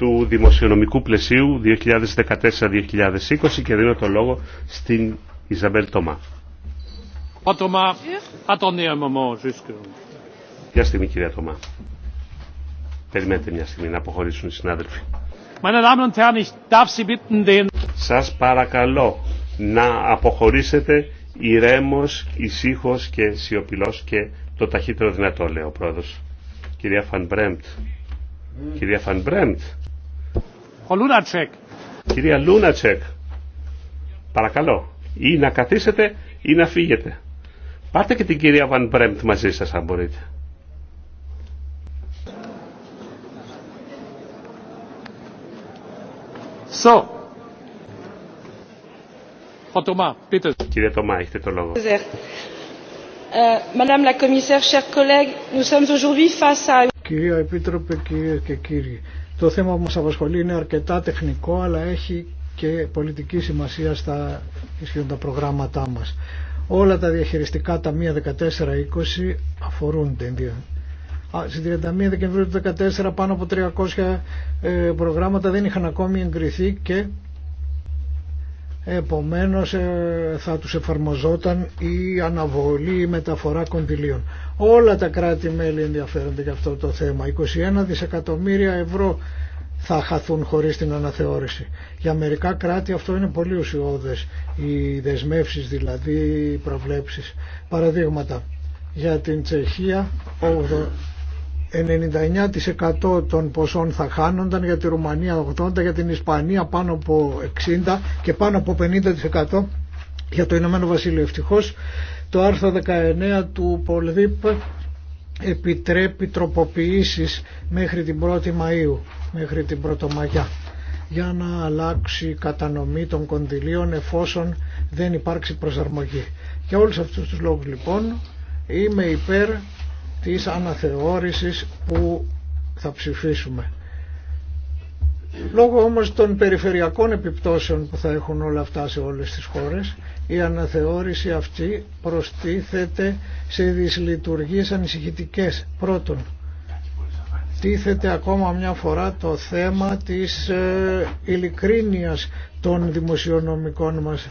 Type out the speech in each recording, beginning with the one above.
του δημοσιονομικού πλαισίου 2014-2020 και δίνω το λόγο στην Ιζαμπέλ Τωμά. Μια στιγμή κυρία Τόμα. Περιμένετε μια στιγμή να αποχωρήσουν οι συνάδελφοι. Σας παρακαλώ να αποχωρήσετε ηρέμος, ησύχος και σιωπηλός και το ταχύτερο δυνατό λέει ο πρόεδρος. Κυρία Φανμπρέμπτ. Mm. Κυρία Φανμπρέμπτ. Κυρία Λούνατσεκ, παρακαλώ, ή να καθίσετε ή να φύγετε. Πάρτε και την κυρία Βαν Μπρέμπτ μαζί σας αν μπορείτε. So. Ο Τωμά, πείτε. Κύριε Τωμά, έχετε το λόγο. Ε, Madame la Commissaire, chers collègues, nous sommes aujourd'hui face à... Κυρία Επίτροπε, κυρίε και κύριοι, το θέμα που μας απασχολεί είναι αρκετά τεχνικό αλλά έχει και πολιτική σημασία στα ισχύοντα προγράμματά μας. Όλα τα διαχειριστικά ταμεία 14-20 αφορούνται. Στην 31 Δεκεμβρίου του 2014 πάνω από 300 ε, προγράμματα δεν είχαν ακόμη εγκριθεί και επομένως ε, θα τους εφαρμοζόταν η αναβολή ή μεταφορά κονδυλίων. Όλα τα κράτη-μέλη ενδιαφέρονται για αυτό το θέμα. 21 δισεκατομμύρια ευρώ θα χαθούν χωρίς την αναθεώρηση. Για μερικά κράτη αυτό είναι πολύ ουσιώδες, οι δεσμεύσεις δηλαδή, οι προβλέψεις. Παραδείγματα, για την Τσεχία 99% των ποσών θα χάνονταν για τη Ρουμανία 80% για την Ισπανία πάνω από 60% και πάνω από 50% για το Ηνωμένο Βασίλειο ευτυχώς το άρθρο 19 του Πολδίπ επιτρέπει τροποποιήσεις μέχρι την 1η Μαΐου μέχρι την 1η Μαγιά για να αλλάξει η κατανομή των κονδυλίων εφόσον δεν υπάρξει προσαρμογή για όλους αυτούς τους λόγους λοιπόν είμαι υπέρ της αναθεώρησης που θα ψηφίσουμε. Λόγω όμως των περιφερειακών επιπτώσεων που θα έχουν όλα αυτά σε όλες τις χώρες, η αναθεώρηση αυτή προστίθεται σε δυσλειτουργίες ανησυχητικές. Πρώτον, τίθεται ακόμα μια φορά το θέμα της ε, ειλικρίνειας των δημοσιονομικών μας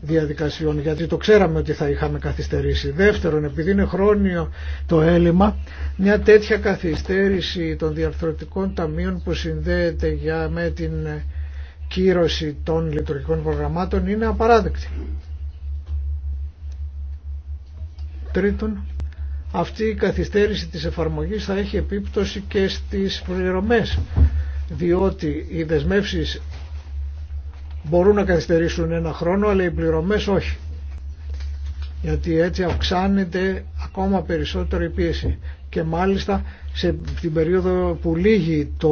διαδικασιών γιατί το ξέραμε ότι θα είχαμε καθυστερήσει. Δεύτερον, επειδή είναι χρόνιο το έλλειμμα, μια τέτοια καθυστέρηση των διαρθρωτικών ταμείων που συνδέεται για, με την κύρωση των λειτουργικών προγραμμάτων είναι απαράδεκτη. Τρίτον, αυτή η καθυστέρηση της εφαρμογής θα έχει επίπτωση και στις πληρωμές διότι οι δεσμεύσεις μπορούν να καθυστερήσουν ένα χρόνο αλλά οι πληρωμές όχι γιατί έτσι αυξάνεται ακόμα περισσότερο η πίεση και μάλιστα σε την περίοδο που λύγει το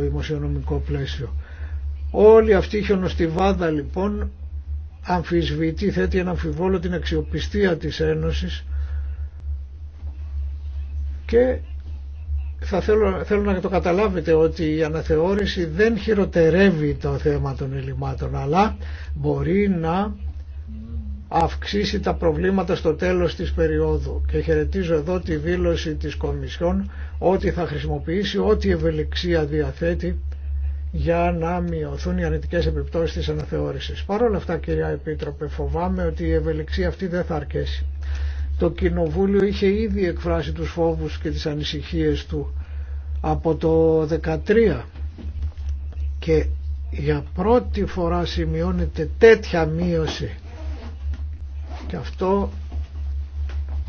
δημοσιονομικό πλαίσιο. Όλη αυτή η χιονοστιβάδα λοιπόν αμφισβητεί, θέτει ένα αμφιβόλο την αξιοπιστία της Ένωσης και θα θέλω, θέλω να το καταλάβετε ότι η αναθεώρηση δεν χειροτερεύει το θέμα των ελλημάτων αλλά μπορεί να αυξήσει τα προβλήματα στο τέλος της περίοδου και χαιρετίζω εδώ τη δήλωση της Κομισιόν ότι θα χρησιμοποιήσει ό,τι ευελιξία διαθέτει για να μειωθούν οι αρνητικές επιπτώσεις της αναθεώρησης. Παρ' όλα αυτά κυρία Επίτροπε φοβάμαι ότι η ευελιξία αυτή δεν θα αρκέσει. Το Κοινοβούλιο είχε ήδη εκφράσει τους φόβους και τις ανησυχίες του από το 2013 και για πρώτη φορά σημειώνεται τέτοια μείωση και αυτό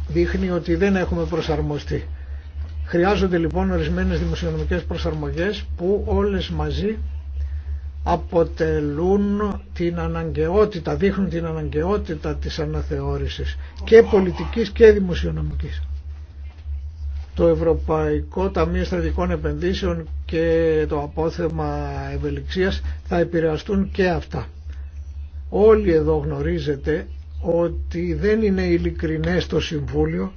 δείχνει ότι δεν έχουμε προσαρμοστεί. Χρειάζονται λοιπόν ορισμένες δημοσιονομικές προσαρμογές που όλες μαζί αποτελούν την αναγκαιότητα, δείχνουν την αναγκαιότητα της αναθεώρησης και πολιτικής και δημοσιονομικής. Το Ευρωπαϊκό Ταμείο Στρατικών Επενδύσεων και το απόθεμα ευελιξίας θα επηρεαστούν και αυτά. Όλοι εδώ γνωρίζετε ότι δεν είναι ειλικρινές το Συμβούλιο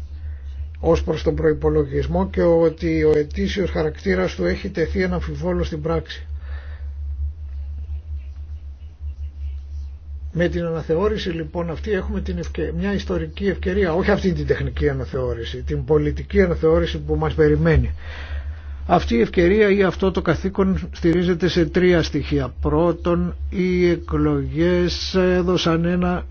ως προς τον προϋπολογισμό και ότι ο ετήσιος χαρακτήρας του έχει τεθεί ένα στην πράξη. Με την αναθεώρηση λοιπόν αυτή έχουμε την μια ιστορική ευκαιρία, όχι αυτή την τεχνική αναθεώρηση, την πολιτική αναθεώρηση που μας περιμένει. Αυτή η ευκαιρία ή αυτό το καθήκον στηρίζεται σε τρία στοιχεία. Πρώτον, οι εκλογές έδωσαν ένα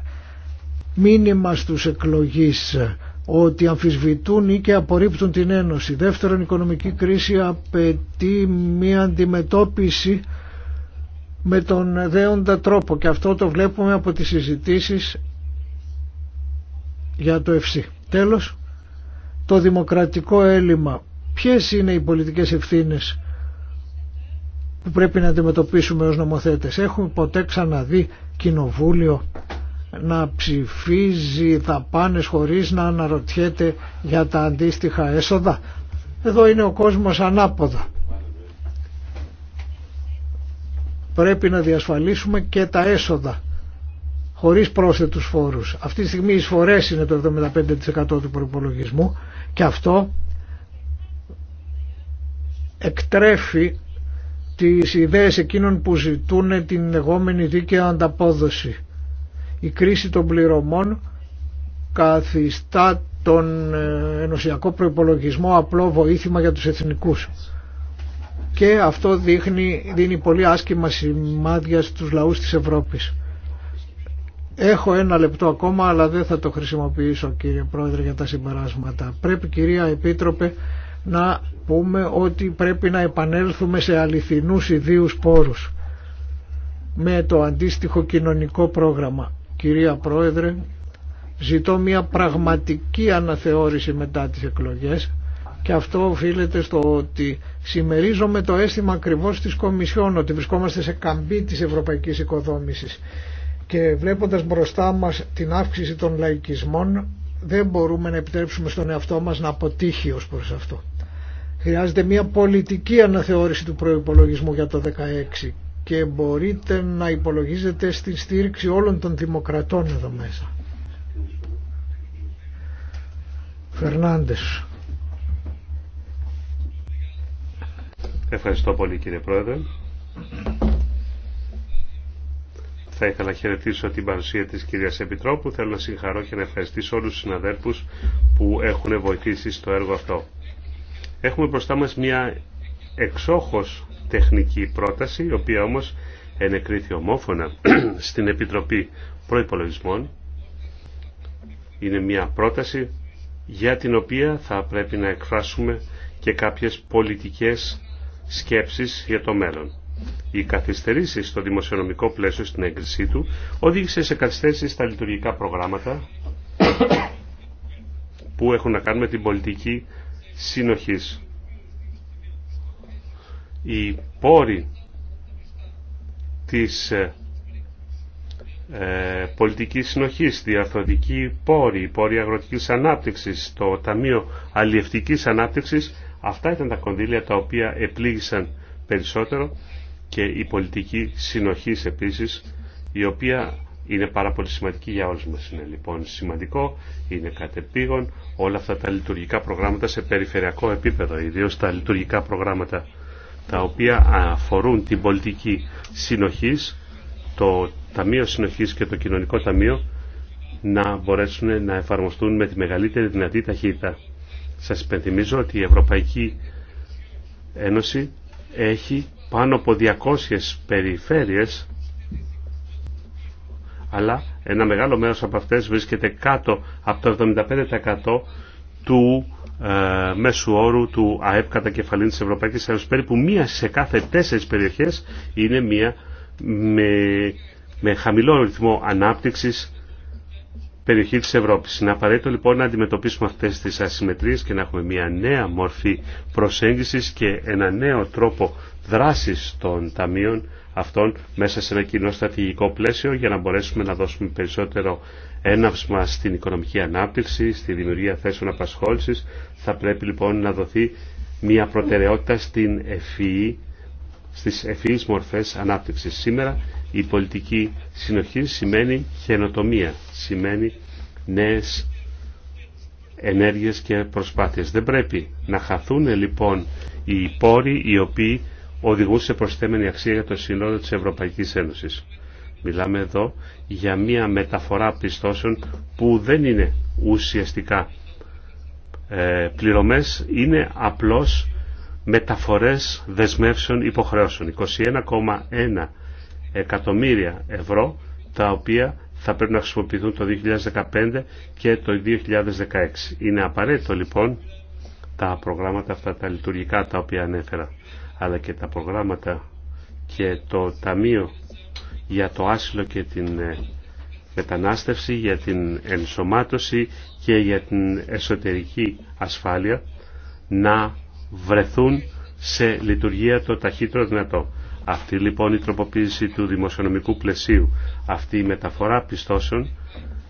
μήνυμα στους εκλογείς ότι αμφισβητούν ή και απορρίπτουν την Ένωση. Δεύτερον, η οικονομική κρίση απαιτεί μια αντιμετώπιση με τον δέοντα τρόπο και αυτό το βλέπουμε από τις συζητήσεις για το ΕΦΣΥ Τέλος, το δημοκρατικό έλλειμμα. Ποιες είναι οι πολιτικές ευθύνες που πρέπει να αντιμετωπίσουμε ως νομοθέτες. Έχουμε ποτέ ξαναδεί κοινοβούλιο να ψηφίζει πάνες χωρίς να αναρωτιέται για τα αντίστοιχα έσοδα. Εδώ είναι ο κόσμος ανάποδα. πρέπει να διασφαλίσουμε και τα έσοδα χωρίς πρόσθετους φόρους. Αυτή τη στιγμή οι φορές είναι το 75% του προϋπολογισμού και αυτό εκτρέφει τις ιδέες εκείνων που ζητούν την λεγόμενη δίκαια ανταπόδοση. Η κρίση των πληρωμών καθιστά τον ε, ενωσιακό προϋπολογισμό απλό βοήθημα για τους εθνικούς και αυτό δείχνει, δίνει πολύ άσκημα σημάδια στους λαούς της Ευρώπης. Έχω ένα λεπτό ακόμα αλλά δεν θα το χρησιμοποιήσω κύριε Πρόεδρε για τα συμπεράσματα. Πρέπει κυρία Επίτροπε να πούμε ότι πρέπει να επανέλθουμε σε αληθινούς ιδίους πόρους με το αντίστοιχο κοινωνικό πρόγραμμα. Κυρία Πρόεδρε, ζητώ μια πραγματική αναθεώρηση μετά τις εκλογές και αυτό οφείλεται στο ότι συμμερίζομαι το αίσθημα ακριβώ της Κομισιόν ότι βρισκόμαστε σε καμπή της ευρωπαϊκής οικοδόμησης και βλέποντας μπροστά μας την αύξηση των λαϊκισμών δεν μπορούμε να επιτρέψουμε στον εαυτό μας να αποτύχει ως προς αυτό. Χρειάζεται μια πολιτική αναθεώρηση του προϋπολογισμού για το 2016 και μπορείτε να υπολογίζετε στη στήριξη όλων των δημοκρατών εδώ μέσα. Φερνάντες. Ευχαριστώ πολύ κύριε Πρόεδρε. Θα ήθελα να χαιρετήσω την παρουσία της κυρίας Επιτρόπου. Θέλω να συγχαρώ και να ευχαριστήσω όλους τους συναδέρφους που έχουν βοηθήσει στο έργο αυτό. Έχουμε μπροστά μας μια εξόχως τεχνική πρόταση, η οποία όμως ενεκρίθη ομόφωνα στην Επιτροπή Προϋπολογισμών. Είναι μια πρόταση για την οποία θα πρέπει να εκφράσουμε και κάποιες πολιτικές σκέψεις για το μέλλον. Οι καθυστερήσει στο δημοσιονομικό πλαίσιο στην έγκρισή του οδήγησε σε καθυστέρηση στα λειτουργικά προγράμματα που έχουν να κάνουν με την πολιτική συνοχής. Οι πόροι της ε, ε πολιτικής συνοχής, πόροι, πόρη, πόρη αγροτικής ανάπτυξης, το Ταμείο Αλλιευτικής Ανάπτυξης Αυτά ήταν τα κονδύλια τα οποία επλήγησαν περισσότερο και η πολιτική συνοχή επίσης, η οποία είναι πάρα πολύ σημαντική για όλους μας. Είναι λοιπόν σημαντικό, είναι κατεπήγον όλα αυτά τα λειτουργικά προγράμματα σε περιφερειακό επίπεδο, ιδίως τα λειτουργικά προγράμματα τα οποία αφορούν την πολιτική συνοχής, το Ταμείο Συνοχής και το Κοινωνικό Ταμείο να μπορέσουν να εφαρμοστούν με τη μεγαλύτερη δυνατή ταχύτητα. Σας υπενθυμίζω ότι η Ευρωπαϊκή Ένωση έχει πάνω από 200 περιφέρειες αλλά ένα μεγάλο μέρος από αυτές βρίσκεται κάτω από το 75% του ε, μέσου όρου του ΑΕΠ κατά κεφαλήν της Ευρωπαϊκής Ένωσης. Περίπου μία σε κάθε τέσσερις περιοχές είναι μία με, με χαμηλό ρυθμό ανάπτυξης περιοχή της Ευρώπης. Είναι απαραίτητο λοιπόν να αντιμετωπίσουμε αυτές τις ασυμμετρίες και να έχουμε μια νέα μορφή προσέγγισης και ένα νέο τρόπο δράσης των ταμείων αυτών μέσα σε ένα κοινό στρατηγικό πλαίσιο για να μπορέσουμε να δώσουμε περισσότερο έναυσμα στην οικονομική ανάπτυξη, στη δημιουργία θέσεων απασχόλησης. Θα πρέπει λοιπόν να δοθεί μια προτεραιότητα στην ευφυή στις ευφυείς μορφές ανάπτυξης. Σήμερα η πολιτική συνοχή σημαίνει χαινοτομία, σημαίνει νέες ενέργειες και προσπάθειες. Δεν πρέπει να χαθούν λοιπόν οι πόροι οι οποίοι οδηγούν σε προσθέμενη αξία για το σύνολο της Ευρωπαϊκής Ένωσης. Μιλάμε εδώ για μια μεταφορά πιστώσεων που δεν είναι ουσιαστικά ε, πληρωμές, είναι απλώς μεταφορές δεσμεύσεων υποχρεώσεων. 21,1 εκατομμύρια ευρώ τα οποία θα πρέπει να χρησιμοποιηθούν το 2015 και το 2016. Είναι απαραίτητο λοιπόν τα προγράμματα αυτά τα λειτουργικά τα οποία ανέφερα αλλά και τα προγράμματα και το Ταμείο για το Άσυλο και την ε, Μετανάστευση, για την Ενσωμάτωση και για την Εσωτερική Ασφάλεια να βρεθούν σε λειτουργία το ταχύτερο δυνατό. Αυτή λοιπόν η τροποποίηση του δημοσιονομικού πλαισίου, αυτή η μεταφορά πιστώσεων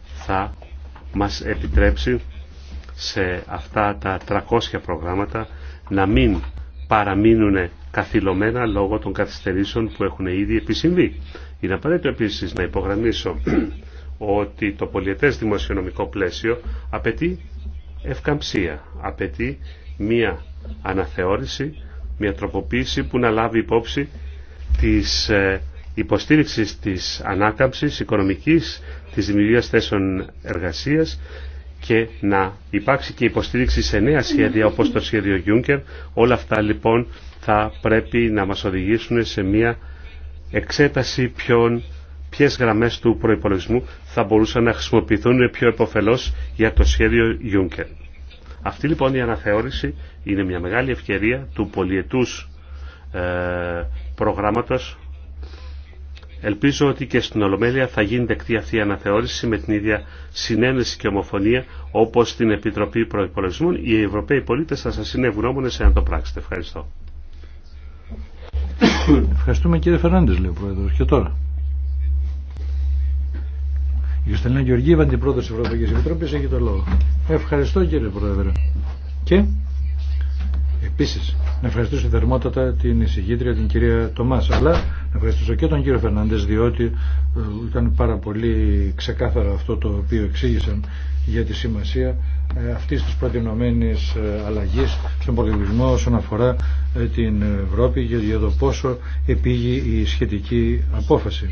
θα μας επιτρέψει σε αυτά τα 300 προγράμματα να μην παραμείνουν καθυλωμένα λόγω των καθυστερήσεων που έχουν ήδη επισυμβεί. Είναι απαραίτητο επίσης να υπογραμμίσω ότι το πολιετές δημοσιονομικό πλαίσιο απαιτεί ευκαμψία, απαιτεί μία αναθεώρηση, μια τροποποίηση που να λάβει υπόψη της ε, υποστήριξης της ανάκαμψης οικονομικής, της δημιουργίας θέσεων εργασίας και να υπάρξει και υποστήριξη σε νέα σχέδια όπως το σχέδιο Juncker. Όλα αυτά λοιπόν θα πρέπει να μας οδηγήσουν σε μια εξέταση ποιον ποιες γραμμές του προϋπολογισμού θα μπορούσαν να χρησιμοποιηθούν πιο επωφελώς για το σχέδιο Juncker. Αυτή λοιπόν η αναθεώρηση είναι μια μεγάλη ευκαιρία του πολιετούς ε, προγράμματος. Ελπίζω ότι και στην Ολομέλεια θα γίνει δεκτή αυτή η αναθεώρηση με την ίδια συνένεση και ομοφωνία όπως στην Επιτροπή Προϋπολογισμών. Οι Ευρωπαίοι πολίτες θα σας είναι ευγνώμονες εάν το πράξετε. Ευχαριστώ. Ευχαριστούμε κύριε Φερνάντες λέει ο Πρόεδρος. Και τώρα. Η Ιωσταλίνα Γεωργίευα, την πρόεδρο τη Ευρωπαϊκή Επιτροπή, έχει το λόγο. Ευχαριστώ κύριε Πρόεδρε. Και επίση να ευχαριστήσω θερμότατα την εισηγήτρια, την κυρία Τομά. Αλλά Ευχαριστώ ευχαριστήσω και τον κύριο Φερνάντε, διότι ε, ήταν πάρα πολύ ξεκάθαρο αυτό το οποίο εξήγησαν για τη σημασία ε, αυτή τη προτινωμένη ε, αλλαγή στον πολιτισμό όσον αφορά την Ευρώπη και για το πόσο επήγει η σχετική απόφαση.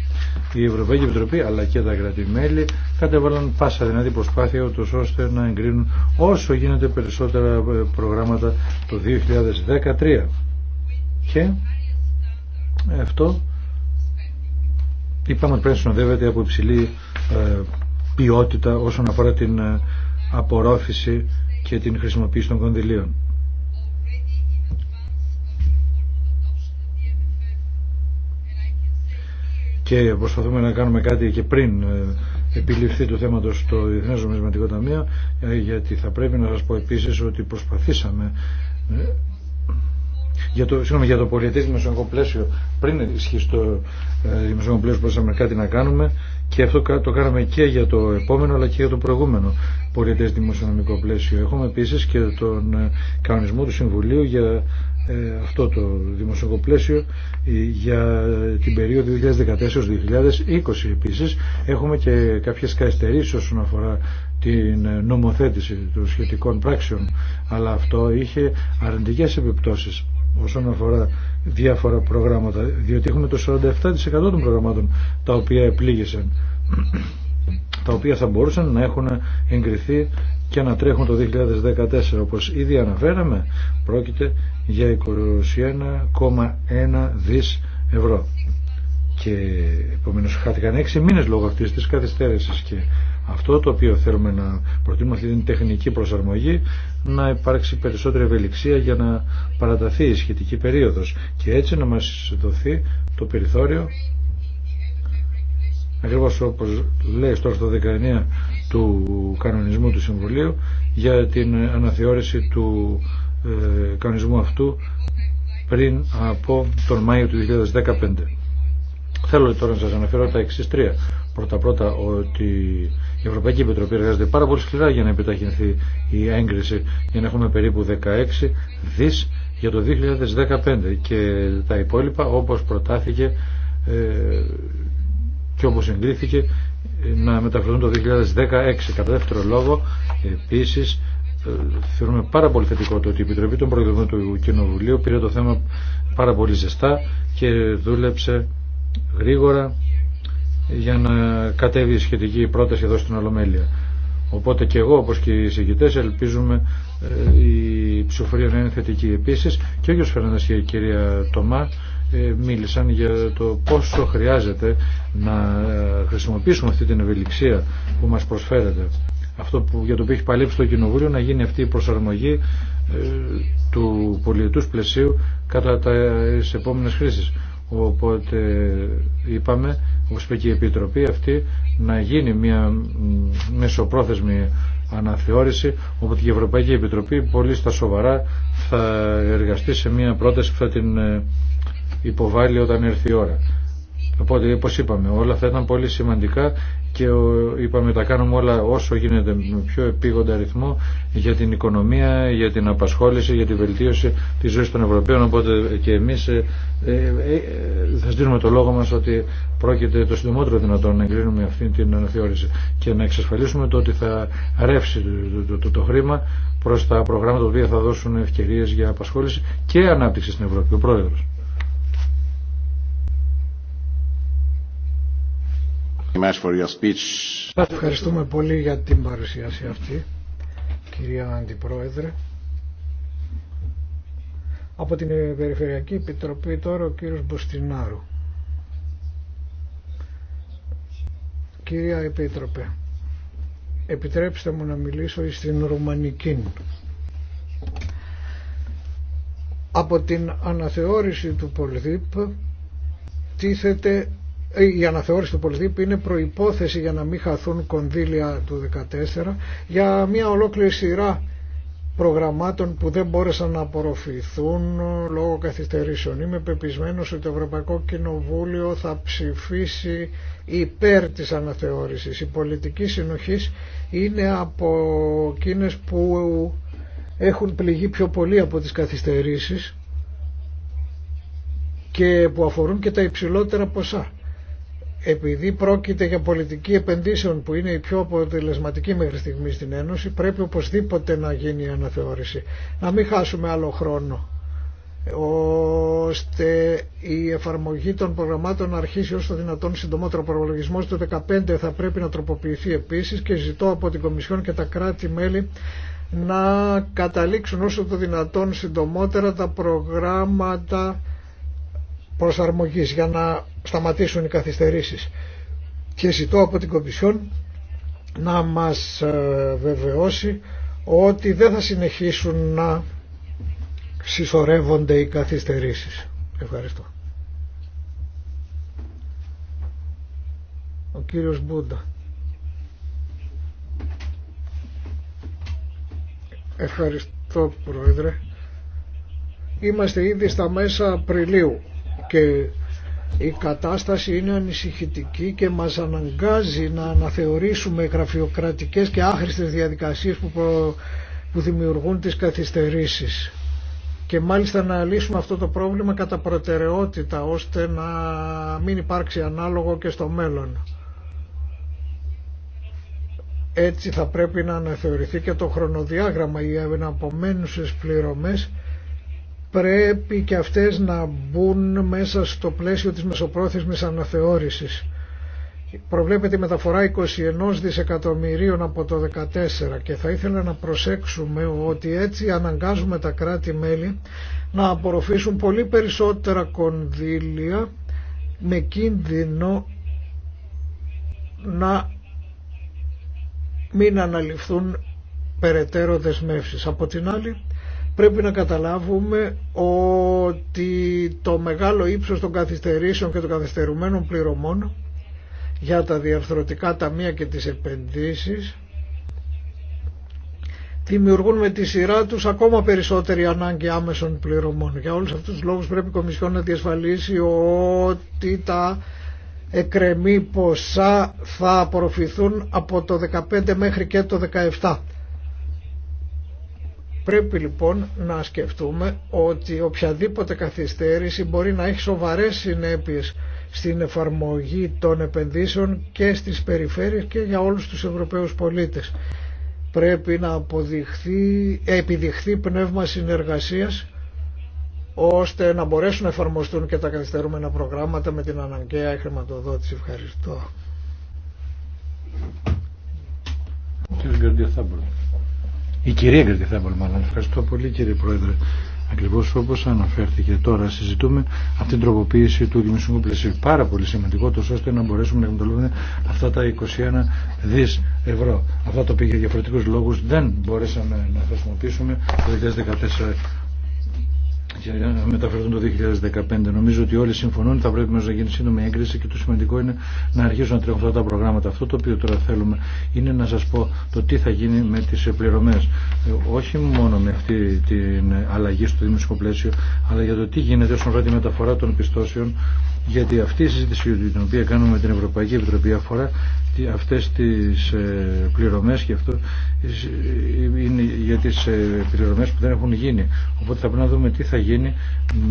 Η Ευρωπαϊκή Επιτροπή αλλά και τα κρατημέλη κατέβαλαν πάσα δυνατή προσπάθεια ούτως ώστε να εγκρίνουν όσο γίνεται περισσότερα προγράμματα το 2013. Και αυτό είπαμε πριν πρέπει να συνοδεύεται από υψηλή ε, ποιότητα όσον αφορά την ε, απορρόφηση και την χρησιμοποίηση των κονδυλίων. Και προσπαθούμε να κάνουμε κάτι και πριν ε, επιληφθεί το θέμα στο Διεθνέ Νομισματικό Ταμείο γιατί θα πρέπει να σας πω επίση ότι προσπαθήσαμε για το, συγγνώμη, για το πολιετές δημοσιονομικό πλαίσιο πριν ισχύσει το ε, δημοσιονομικό πλαίσιο μπορούσαμε κάτι να κάνουμε και αυτό το κάναμε και για το επόμενο αλλά και για το προηγούμενο πολιετές δημοσιονομικό πλαίσιο. Έχουμε επίσης και τον ε, κανονισμό του Συμβουλίου για ε, αυτό το δημοσιονομικό πλαίσιο ε, για την περίοδο 2014-2020 επίσης έχουμε και κάποιες καθυστερήσεις όσον αφορά την νομοθέτηση των σχετικών πράξεων αλλά αυτό είχε αρνητικές επιπτώσεις όσον αφορά διάφορα προγράμματα, διότι έχουμε το 47% των προγραμμάτων τα οποία επλήγησαν, τα οποία θα μπορούσαν να έχουν εγκριθεί και να τρέχουν το 2014. Όπως ήδη αναφέραμε, πρόκειται για 21,1 δις ευρώ. Και επομένως χάθηκαν 6 μήνες λόγω αυτής της καθυστέρησης και αυτό το οποίο θέλουμε να προτείνουμε αυτή την τεχνική προσαρμογή να υπάρξει περισσότερη ευελιξία για να παραταθεί η σχετική περίοδος και έτσι να μας δοθεί το περιθώριο ακριβώς όπως λέει στο 19 του κανονισμού του Συμβουλίου για την αναθεώρηση του ε, κανονισμού αυτού πριν από τον Μάιο του 2015. Θέλω τώρα να σας αναφέρω τα εξής τρία. Πρώτα πρώτα ότι η Ευρωπαϊκή Επιτροπή εργάζεται πάρα πολύ σκληρά για να επιταχυνθεί η έγκριση για να έχουμε περίπου 16 δις για το 2015 και τα υπόλοιπα όπως προτάθηκε ε, και όπως εγκρίθηκε να μεταφερθούν το 2016. Κατά δεύτερο λόγο επίσης ε, θεωρούμε πάρα πολύ θετικό το ότι η Επιτροπή των Προεδρικών του Κοινοβουλίου πήρε το θέμα πάρα πολύ ζεστά και δούλεψε γρήγορα για να κατέβει η σχετική πρόταση εδώ στην Ολομέλεια. Οπότε και εγώ όπως και οι συγκητέ, ελπίζουμε ε, η ψηφοφορία να είναι θετική επίσης και ο κ. και η κυρία Τομά ε, μίλησαν για το πόσο χρειάζεται να ε, χρησιμοποιήσουμε αυτή την ευελιξία που μας προσφέρεται. Αυτό που, για το οποίο έχει παλέψει το Κοινοβούλιο να γίνει αυτή η προσαρμογή του πολιετούς πλαισίου κατά τις επόμενες χρήσεις. Οπότε είπαμε, όπως είπε και η Επιτροπή αυτή, να γίνει μια μεσοπρόθεσμη αναθεώρηση, οπότε η Ευρωπαϊκή Επιτροπή πολύ στα σοβαρά θα εργαστεί σε μια πρόταση που θα την ε, υποβάλει όταν έρθει η ώρα. Οπότε, όπως είπαμε, όλα αυτά ήταν πολύ σημαντικά και είπαμε τα κάνουμε όλα όσο γίνεται με πιο επίγοντα ρυθμό για την οικονομία, για την απασχόληση, για τη βελτίωση της ζωής των Ευρωπαίων οπότε και εμείς ε, ε, ε, θα στείλουμε το λόγο μας ότι πρόκειται το συντομότερο δυνατόν να εγκρίνουμε αυτή την αναθεώρηση και να εξασφαλίσουμε το ότι θα ρεύσει το, χρήμα προς τα προγράμματα που θα δώσουν ευκαιρίες για απασχόληση και ανάπτυξη στην Ευρώπη. Ο Πρόεδρος. ευχαριστούμε πολύ για την παρουσίαση αυτή, κυρία Αντιπρόεδρε. Από την Περιφερειακή Επιτροπή τώρα ο κύριος Μποστινάρου. Κυρία Επίτροπε, επιτρέψτε μου να μιλήσω στην Ρουμανική. Από την αναθεώρηση του Πολδίπ τίθεται ε, η αναθεώρηση του πολυδίπου είναι προϋπόθεση για να μην χαθούν κονδύλια του 2014 για μια ολόκληρη σειρά προγραμμάτων που δεν μπόρεσαν να απορροφηθούν λόγω καθυστερήσεων. Είμαι πεπισμένος ότι το Ευρωπαϊκό Κοινοβούλιο θα ψηφίσει υπέρ της αναθεώρησης. Η πολιτική συνοχή είναι από εκείνες που έχουν πληγεί πιο πολύ από τις καθυστερήσεις και που αφορούν και τα υψηλότερα ποσά επειδή πρόκειται για πολιτική επενδύσεων που είναι η πιο αποτελεσματική μέχρι στιγμή στην Ένωση πρέπει οπωσδήποτε να γίνει η αναθεώρηση. Να μην χάσουμε άλλο χρόνο ώστε η εφαρμογή των προγραμμάτων να αρχίσει όσο δυνατόν συντομότερο προλογισμό του 2015 θα πρέπει να τροποποιηθεί επίσης και ζητώ από την Κομισιόν και τα κράτη-μέλη να καταλήξουν όσο το δυνατόν συντομότερα τα προγράμματα προσαρμογής για να σταματήσουν οι καθυστερήσεις. Και ζητώ από την Κομισιόν να μας ε, βεβαιώσει ότι δεν θα συνεχίσουν να συσσωρεύονται οι καθυστερήσεις. Ευχαριστώ. Ο κύριος Μπούντα. Ευχαριστώ Πρόεδρε. Είμαστε ήδη στα μέσα Απριλίου και η κατάσταση είναι ανησυχητική και μας αναγκάζει να αναθεωρήσουμε γραφειοκρατικές και άχρηστες διαδικασίες που, που δημιουργούν τις καθυστερήσεις. Και μάλιστα να λύσουμε αυτό το πρόβλημα κατά προτεραιότητα ώστε να μην υπάρξει ανάλογο και στο μέλλον. Έτσι θα πρέπει να αναθεωρηθεί και το χρονοδιάγραμμα. να απομένουσες πληρωμές πρέπει και αυτές να μπουν μέσα στο πλαίσιο της μεσοπρόθεσμης αναθεώρησης. Προβλέπεται η μεταφορά 21 δισεκατομμυρίων από το 2014 και θα ήθελα να προσέξουμε ότι έτσι αναγκάζουμε τα κράτη-μέλη να απορροφήσουν πολύ περισσότερα κονδύλια με κίνδυνο να μην αναλυφθούν περαιτέρω δεσμεύσεις. Από την άλλη πρέπει να καταλάβουμε ότι το μεγάλο ύψος των καθυστερήσεων και των καθυστερουμένων πληρωμών για τα διαρθρωτικά ταμεία και τις επενδύσεις δημιουργούν με τη σειρά τους ακόμα περισσότερη ανάγκη άμεσων πληρωμών. Για όλους αυτούς τους λόγους πρέπει η Κομισιόν να διασφαλίσει ότι τα εκρεμή ποσά θα απορροφηθούν από το 15 μέχρι και το 17 Πρέπει λοιπόν να σκεφτούμε ότι οποιαδήποτε καθυστέρηση μπορεί να έχει σοβαρές συνέπειες στην εφαρμογή των επενδύσεων και στις περιφέρειες και για όλους τους Ευρωπαίους πολίτες. Πρέπει να αποδειχθεί, επιδειχθεί πνεύμα συνεργασίας ώστε να μπορέσουν να εφαρμοστούν και τα καθυστερούμενα προγράμματα με την αναγκαία χρηματοδότηση. Ευχαριστώ. Η κυρία Γκριτιθάμπολ μάλλον. Ευχαριστώ πολύ κύριε Πρόεδρε. Ακριβώ όπως αναφέρθηκε τώρα συζητούμε αυτή την τροποποίηση του δημοσίου πλαισίου. Πάρα πολύ σημαντικό τόσο ώστε να μπορέσουμε να εκμεταλλευτούμε αυτά τα 21 δι ευρώ. Αυτά τα οποία για διαφορετικού λόγους δεν μπορέσαμε να χρησιμοποιήσουμε το 2014 να μεταφερθούν το 2015. Νομίζω ότι όλοι συμφωνούν θα πρέπει να γίνει σύντομη έγκριση και το σημαντικό είναι να αρχίσουν να τρέχουν αυτά τα προγράμματα. Αυτό το οποίο τώρα θέλουμε είναι να σας πω το τι θα γίνει με τις πληρωμές. Ε, όχι μόνο με αυτή την αλλαγή στο δημόσιο πλαίσιο, αλλά για το τι γίνεται όσον αφορά τη μεταφορά των πιστώσεων γιατί αυτή η συζήτηση την οποία κάνουμε με την Ευρωπαϊκή Επιτροπή αφορά αυτές τις ε, πληρωμές και αυτό είναι για τις ε, πληρωμές που δεν έχουν γίνει. Οπότε θα πρέπει να δούμε τι θα γίνει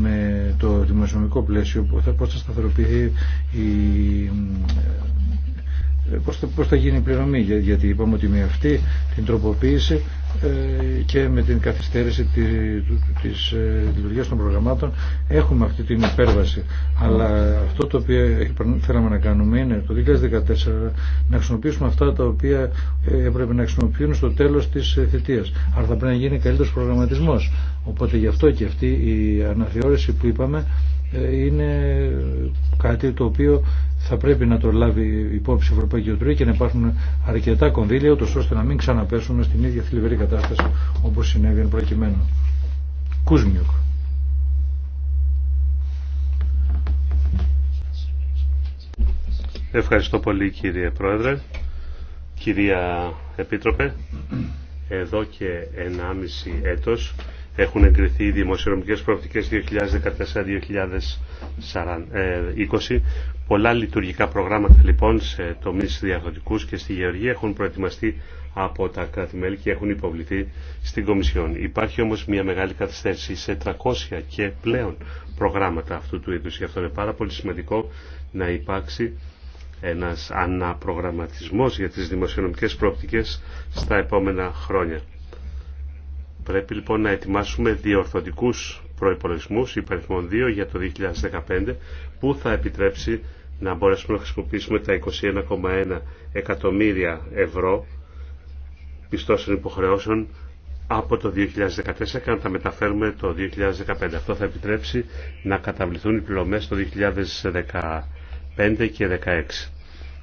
με το δημοσιονομικό πλαίσιο, πώς θα σταθεροποιηθεί η ε, πώς θα, γίνει η πληρωμή γιατί είπαμε ότι με αυτή την τροποποίηση ε, και με την καθυστέρηση της, της ε, λειτουργίας των προγραμμάτων έχουμε αυτή την υπέρβαση αλλά αυτό το οποίο θέλαμε να κάνουμε είναι το 2014 να χρησιμοποιήσουμε αυτά τα οποία ε, έπρεπε να χρησιμοποιούν στο τέλος της θητείας αλλά θα πρέπει να γίνει καλύτερος προγραμματισμός οπότε γι' αυτό και αυτή η αναθεώρηση που είπαμε είναι κάτι το οποίο θα πρέπει να το λάβει υπόψη η Ευρωπαϊκή Οτρία και να υπάρχουν αρκετά κονδύλια ούτως ώστε να μην ξαναπέσουμε στην ίδια θλιβερή κατάσταση όπως συνέβη προκειμένου. Κούσμιουκ. Ευχαριστώ πολύ κύριε Πρόεδρε. Κυρία Επίτροπε, εδώ και 1,5 έτος έχουν εγκριθεί οι δημοσιονομικές προοπτικές 2014-2020. Ε, Πολλά λειτουργικά προγράμματα λοιπόν σε τομείς διαδοτικούς και στη γεωργία έχουν προετοιμαστεί από τα κράτη-μέλη και έχουν υποβληθεί στην Κομισιόν. Υπάρχει όμως μια μεγάλη καθυστέρηση σε 300 και πλέον προγράμματα αυτού του είδους. Γι' αυτό είναι πάρα πολύ σημαντικό να υπάρξει ένας αναπρογραμματισμός για τις δημοσιονομικές προοπτικές στα επόμενα χρόνια. Πρέπει λοιπόν να ετοιμάσουμε διορθωτικούς προϋπολογισμούς υπαριθμών 2 για το 2015 που θα επιτρέψει να μπορέσουμε να χρησιμοποιήσουμε τα 21,1 εκατομμύρια ευρώ πιστώσεων υποχρεώσεων από το 2014 και να τα μεταφέρουμε το 2015. Αυτό θα επιτρέψει να καταβληθούν οι πληρωμές το 2015 και 2016.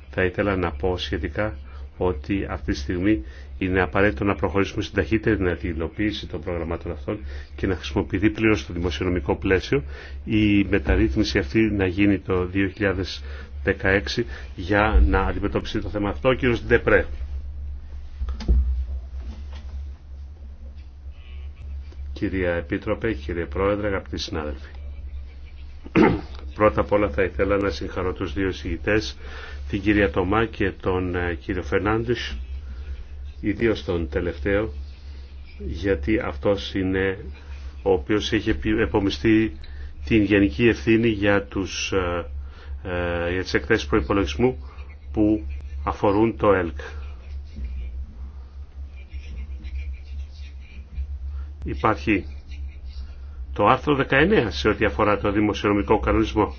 Θα ήθελα να πω σχετικά ότι αυτή τη στιγμή είναι απαραίτητο να προχωρήσουμε στην ταχύτερη δυνατή υλοποίηση των προγραμμάτων αυτών και να χρησιμοποιηθεί πλήρω το δημοσιονομικό πλαίσιο. Η μεταρρύθμιση αυτή να γίνει το 2016 για να αντιμετωπιστεί το θέμα αυτό. Ο κύριος Ντεπρέ. Κυρία Επίτροπε, κύριε Πρόεδρε, αγαπητοί συνάδελφοι. Πρώτα απ' όλα θα ήθελα να συγχαρώ τους δύο συγητές, την κυρία Τομά και τον ε, κύριο Φερνάντης ιδίως τον τελευταίο, γιατί αυτός είναι ο οποίος έχει επομιστεί την γενική ευθύνη για, τους, ε, ε, για τις εκθέσεις προϋπολογισμού που αφορούν το ΕΛΚ. Υπάρχει το άρθρο 19 σε ό,τι αφορά το δημοσιονομικό κανονισμό.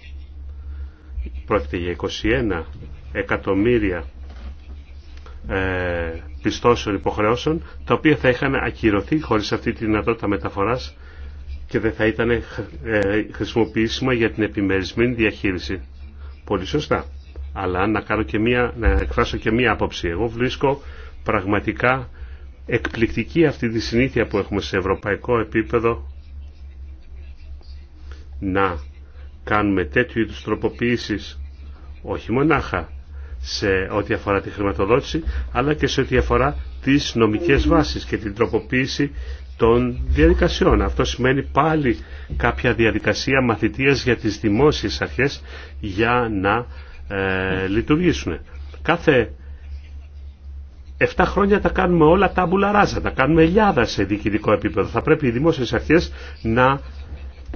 Πρόκειται για 21 εκατομμύρια ε, πιστώσεων υποχρεώσεων, τα οποία θα είχαν ακυρωθεί χωρίς αυτή τη δυνατότητα μεταφοράς και δεν θα ήταν ε, χρησιμοποιήσιμα για την επιμερισμένη διαχείριση. Πολύ σωστά. Αλλά να, κάνω και μία, να εκφράσω και μία άποψη. Εγώ βρίσκω πραγματικά εκπληκτική αυτή τη συνήθεια που έχουμε σε ευρωπαϊκό επίπεδο να κάνουμε τέτοιου είδους τροποποιήσεις όχι μονάχα σε ό,τι αφορά τη χρηματοδότηση, αλλά και σε ό,τι αφορά τις νομικές βάσεις και την τροποποίηση των διαδικασιών. Αυτό σημαίνει πάλι κάποια διαδικασία μαθητείας για τις δημόσιες αρχές για να ε, λειτουργήσουν. Κάθε 7 χρόνια τα κάνουμε όλα τα μπουλαράζα, τα κάνουμε ελιάδα σε διοικητικό επίπεδο. Θα πρέπει οι δημόσιες αρχές να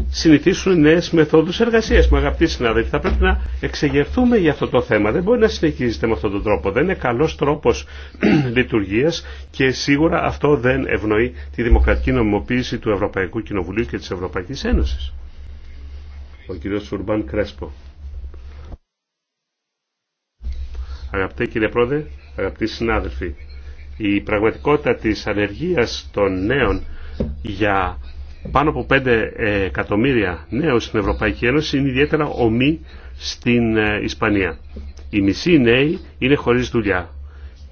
συνηθίσουν νέε μεθόδους εργασίας. Μα αγαπητοί συνάδελφοι, θα πρέπει να εξεγερθούμε για αυτό το θέμα. Δεν μπορεί να συνεχίζεται με αυτόν τον τρόπο. Δεν είναι καλός τρόπος λειτουργίας και σίγουρα αυτό δεν ευνοεί τη δημοκρατική νομιμοποίηση του Ευρωπαϊκού Κοινοβουλίου και της Ευρωπαϊκής Ένωσης. Ο κ. Σουρμπάν Κρέσπο. Αγαπητέ κύριε Πρόεδρε, αγαπητοί συνάδελφοι, η πραγματικότητα της ανεργίας των νέων για πάνω από 5 εκατομμύρια νέους στην Ευρωπαϊκή Ένωση είναι ιδιαίτερα ομοί στην ε, Ισπανία. Οι μισοί νέοι είναι χωρίς δουλειά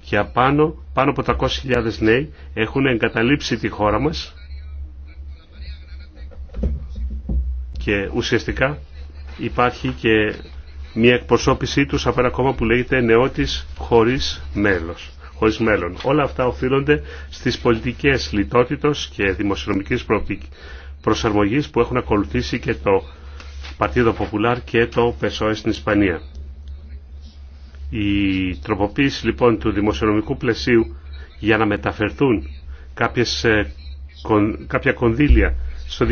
και απάνω, πάνω από 300.000 νέοι έχουν εγκαταλείψει τη χώρα μας και ουσιαστικά υπάρχει και μια εκπροσώπησή τους από ένα κόμμα που λέγεται νεότης χωρίς μέλος χωρίς μέλλον. Όλα αυτά οφείλονται στις πολιτικές λιτότητος και δημοσιονομικής προσαρμογής που έχουν ακολουθήσει και το Παρτίδο Ποπουλάρ και το Πεσόε στην Ισπανία. Η τροποποίηση λοιπόν του δημοσιονομικού πλαισίου για να μεταφερθούν κάποιες, ε, κάποια κονδύλια στο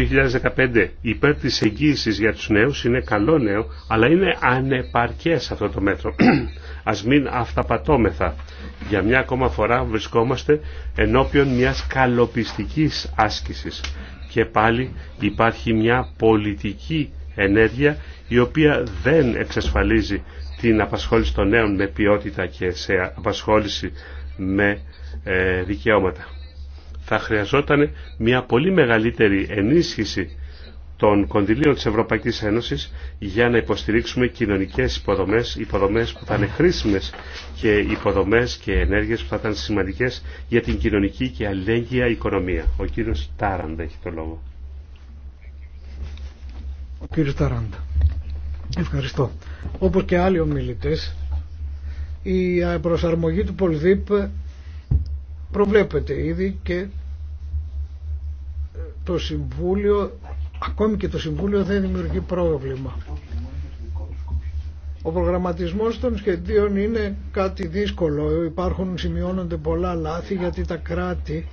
2015 υπέρ της εγγύησης για τους νέους είναι καλό νέο, αλλά είναι ανεπαρκές αυτό το μέτρο. Ας μην αυταπατώμεθα. Για μια ακόμα φορά βρισκόμαστε ενώπιον μιας καλοπιστικής άσκησης. Και πάλι υπάρχει μια πολιτική ενέργεια η οποία δεν εξασφαλίζει την απασχόληση των νέων με ποιότητα και σε απασχόληση με ε, δικαιώματα θα χρειαζόταν μια πολύ μεγαλύτερη ενίσχυση των κονδυλίων της Ευρωπαϊκής Ένωσης για να υποστηρίξουμε κοινωνικές υποδομές, υποδομές που θα είναι χρήσιμες και υποδομές και ενέργειες που θα ήταν σημαντικές για την κοινωνική και αλληλέγγυα οικονομία. Ο κύριος Τάραντα έχει το λόγο. Ο κύριος Τάραντα. Ευχαριστώ. Όπως και άλλοι ομιλητές, η προσαρμογή του Πολδίπ προβλέπεται ήδη και το Συμβούλιο, ακόμη και το Συμβούλιο δεν δημιουργεί πρόβλημα. Ο προγραμματισμός των σχεδίων είναι κάτι δύσκολο. Υπάρχουν, σημειώνονται πολλά λάθη γιατί τα κράτη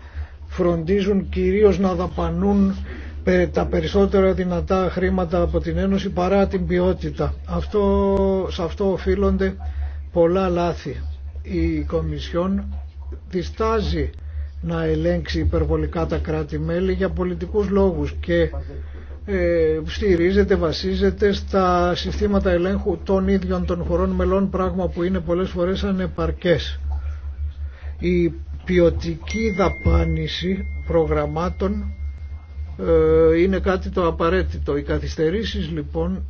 φροντίζουν κυρίως να δαπανούν τα περισσότερα δυνατά χρήματα από την Ένωση παρά την ποιότητα. Αυτό, σε αυτό οφείλονται πολλά λάθη. Η Κομισιόν διστάζει να ελέγξει υπερβολικά τα κράτη-μέλη για πολιτικούς λόγους και ε, στηρίζεται, βασίζεται στα συστήματα ελέγχου των ίδιων των χωρών μελών, πράγμα που είναι πολλές φορές ανεπαρκές. Η ποιοτική δαπάνηση προγραμμάτων ε, είναι κάτι το απαραίτητο. Οι καθυστερήσεις λοιπόν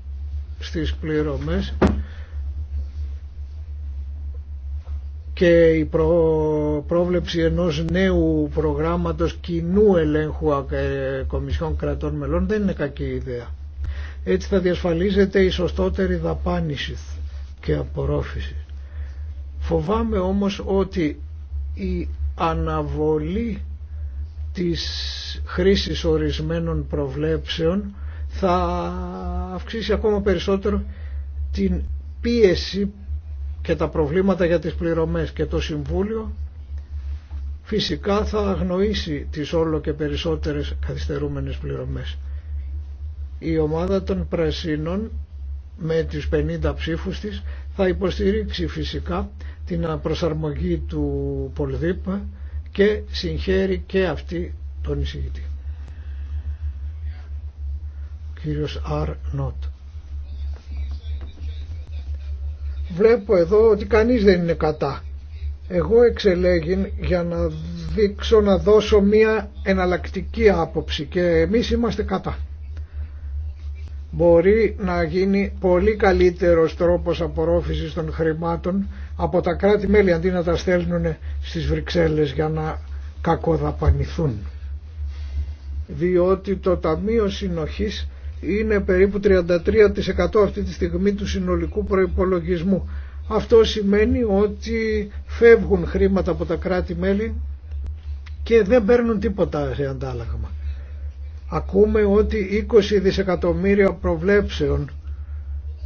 στις πληρωμές και η πρόβλεψη ενός νέου προγράμματος κοινού ελέγχου ε, κομισιών κρατών μελών δεν είναι κακή ιδέα. Έτσι θα διασφαλίζεται η σωστότερη δαπάνηση και απορρόφηση. Φοβάμαι όμως ότι η αναβολή της χρήσης ορισμένων προβλέψεων θα αυξήσει ακόμα περισσότερο την πίεση και τα προβλήματα για τις πληρωμές και το Συμβούλιο φυσικά θα αγνοήσει τις όλο και περισσότερες καθυστερούμενες πληρωμές. Η ομάδα των Πρασίνων με τις 50 ψήφους της θα υποστηρίξει φυσικά την προσαρμογή του Πολδίπα και συγχαίρει και αυτή τον εισηγητή. Κύριος Αρ Νότ. Βλέπω εδώ ότι κανείς δεν είναι κατά. Εγώ εξελέγην για να δείξω, να δώσω μία εναλλακτική άποψη και εμείς είμαστε κατά. Μπορεί να γίνει πολύ καλύτερος τρόπος απορρόφησης των χρημάτων από τα κράτη-μέλη αντί να τα στέλνουν στις Βρυξέλλες για να κακοδαπανηθούν. Διότι το Ταμείο Συνοχής είναι περίπου 33% αυτή τη στιγμή του συνολικού προϋπολογισμού. Αυτό σημαίνει ότι φεύγουν χρήματα από τα κράτη-μέλη και δεν παίρνουν τίποτα σε αντάλλαγμα. Ακούμε ότι 20 δισεκατομμύρια προβλέψεων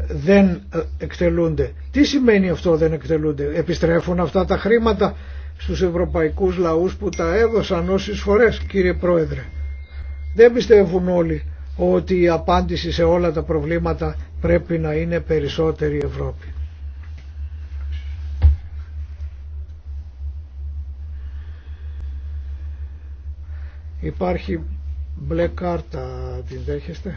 δεν ε, εκτελούνται. Τι σημαίνει αυτό δεν εκτελούνται. Επιστρέφουν αυτά τα χρήματα στους ευρωπαϊκούς λαούς που τα έδωσαν όσες φορές κύριε Πρόεδρε. Δεν πιστεύουν όλοι ότι η απάντηση σε όλα τα προβλήματα πρέπει να είναι περισσότερη Ευρώπη. Υπάρχει μπλε κάρτα, την δέχεστε.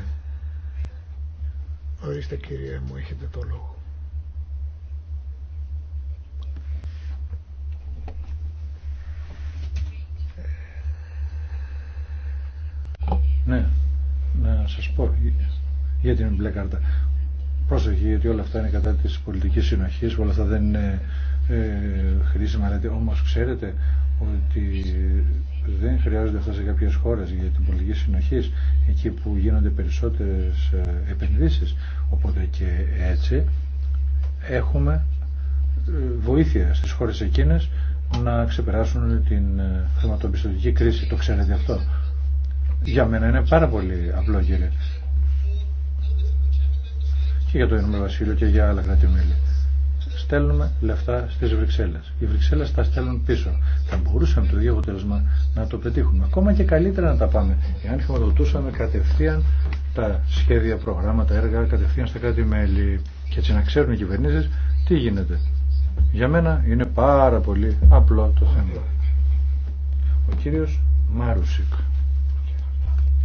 Ορίστε κύριε μου, έχετε το λόγο. Ναι να σας πω για την μπλε κάρτα. Πρόσοχη, γιατί όλα αυτά είναι κατά της πολιτικής συνοχής, όλα αυτά δεν είναι ε, χρήσιμα, λέτε. όμως ξέρετε ότι δεν χρειάζονται αυτά σε κάποιες χώρες για την πολιτική συνοχή, εκεί που γίνονται περισσότερες ε, επενδύσεις, οπότε και έτσι έχουμε ε, βοήθεια στις χώρες εκείνες να ξεπεράσουν την χρηματοπιστωτική κρίση. Το ξέρετε αυτό. Για μένα είναι πάρα πολύ απλό κύριε. Και για το Ηνωμένο Βασίλειο και για άλλα κράτη-μέλη. Στέλνουμε λεφτά στι Βρυξέλλε. Οι Βρυξέλλε τα στέλνουν πίσω. Θα μπορούσαμε το ίδιο αποτέλεσμα να το πετύχουμε. Ακόμα και καλύτερα να τα πάμε. Εάν χρηματοδοτούσαμε κατευθείαν τα σχέδια, προγράμματα, έργα κατευθείαν στα κράτη-μέλη και έτσι να ξέρουν οι κυβερνήσει τι γίνεται. Για μένα είναι πάρα πολύ απλό το θέμα. Ο κύριος Μάρουσικ.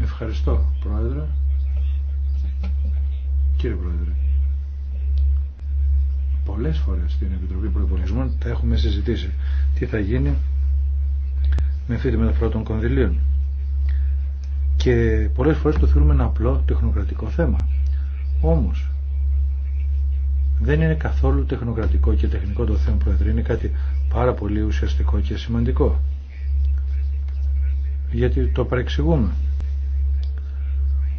Ευχαριστώ, Πρόεδρε. Κύριε Πρόεδρε, πολλές φορές στην Επιτροπή Προϋπολογισμών τα έχουμε συζητήσει. Τι θα γίνει με αυτή τη μεταφορά των κονδυλίων. Και πολλές φορές το θεωρούμε ένα απλό τεχνοκρατικό θέμα. Όμως, δεν είναι καθόλου τεχνοκρατικό και τεχνικό το θέμα, Πρόεδρε. Είναι κάτι πάρα πολύ ουσιαστικό και σημαντικό. Γιατί το παρεξηγούμε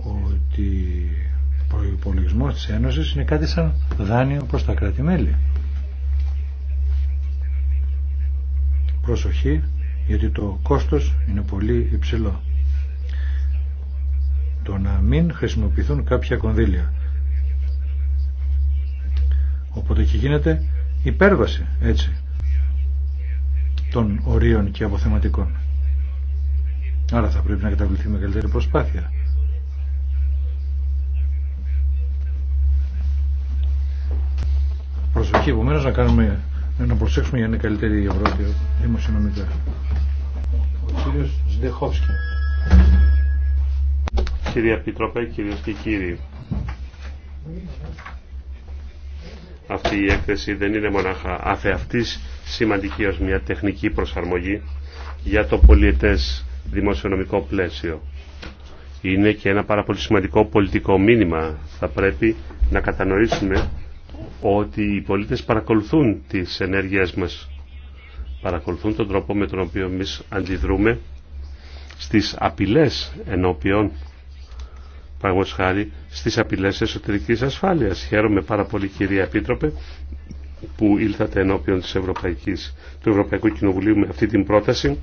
ότι ο προπολογισμό της Ένωσης είναι κάτι σαν δάνειο προς τα κράτη-μέλη. Προσοχή, γιατί το κόστος είναι πολύ υψηλό. Το να μην χρησιμοποιηθούν κάποια κονδύλια. Οπότε εκεί γίνεται υπέρβαση, έτσι, των ορίων και αποθεματικών. Άρα θα πρέπει να καταβληθεί μεγαλύτερη προσπάθεια. προσοχή επομένως να κάνουμε να προσέξουμε για να είναι καλύτερη η Ευρώπη δημοσιονομικά. Ο κύριος Σντεχόφσκι. Κύριε Επιτροπέ, κύριε και κύριοι. Αυτή η έκθεση δεν είναι μονάχα αφεαυτής σημαντική ω μια τεχνική προσαρμογή για το πολιετές δημοσιονομικό πλαίσιο. Είναι και ένα πάρα πολύ σημαντικό πολιτικό μήνυμα. Θα πρέπει να κατανοήσουμε ότι οι πολίτες παρακολουθούν τις ενέργειές μας. Παρακολουθούν τον τρόπο με τον οποίο εμεί αντιδρούμε στις απειλές ενώπιον παραγωγός χάρη στις απειλές εσωτερικής ασφάλειας. Χαίρομαι πάρα πολύ κυρία Επίτροπε που ήλθατε ενώπιον της Ευρωπαϊκής, του Ευρωπαϊκού Κοινοβουλίου με αυτή την πρόταση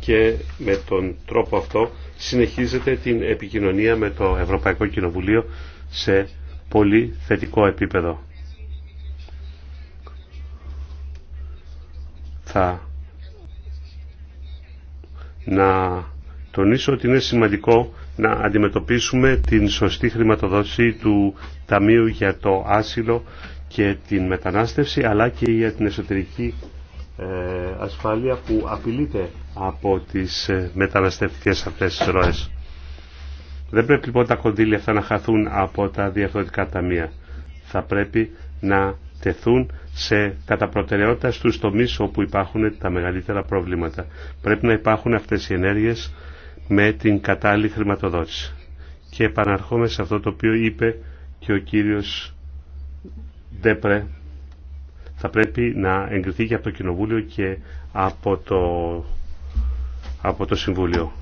και με τον τρόπο αυτό συνεχίζεται την επικοινωνία με το Ευρωπαϊκό Κοινοβουλίο σε πολύ θετικό επίπεδο. Θα να τονίσω ότι είναι σημαντικό να αντιμετωπίσουμε την σωστή χρηματοδότηση του Ταμείου για το άσυλο και την μετανάστευση αλλά και για την εσωτερική ε, ασφάλεια που απειλείται από τις ε, μεταναστευτικές αυτές τις ροές. Δεν πρέπει λοιπόν τα κονδύλια αυτά να χαθούν από τα διαφορετικά ταμεία. Θα πρέπει να τεθούν σε κατά προτεραιότητα στους τομείς όπου υπάρχουν τα μεγαλύτερα προβλήματα. Πρέπει να υπάρχουν αυτές οι ενέργειες με την κατάλληλη χρηματοδότηση. Και επαναρχόμαι σε αυτό το οποίο είπε και ο κύριος Ντέπρε. Θα πρέπει να εγκριθεί και από το Κοινοβούλιο και από το, από το Συμβούλιο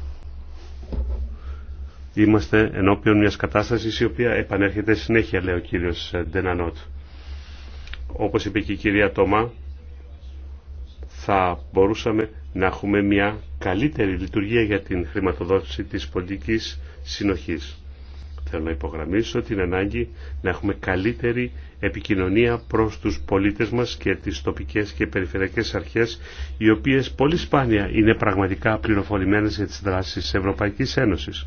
είμαστε ενώπιον μιας κατάστασης η οποία επανέρχεται συνέχεια, λέει ο κύριος Ντενανότ. Όπως είπε και η κυρία Τόμα, θα μπορούσαμε να έχουμε μια καλύτερη λειτουργία για την χρηματοδότηση της πολιτικής συνοχής. Θέλω να υπογραμμίσω την ανάγκη να έχουμε καλύτερη επικοινωνία προς τους πολίτες μας και τις τοπικές και περιφερειακές αρχές, οι οποίες πολύ σπάνια είναι πραγματικά πληροφορημένες για τις δράσεις της Ευρωπαϊκής Ένωσης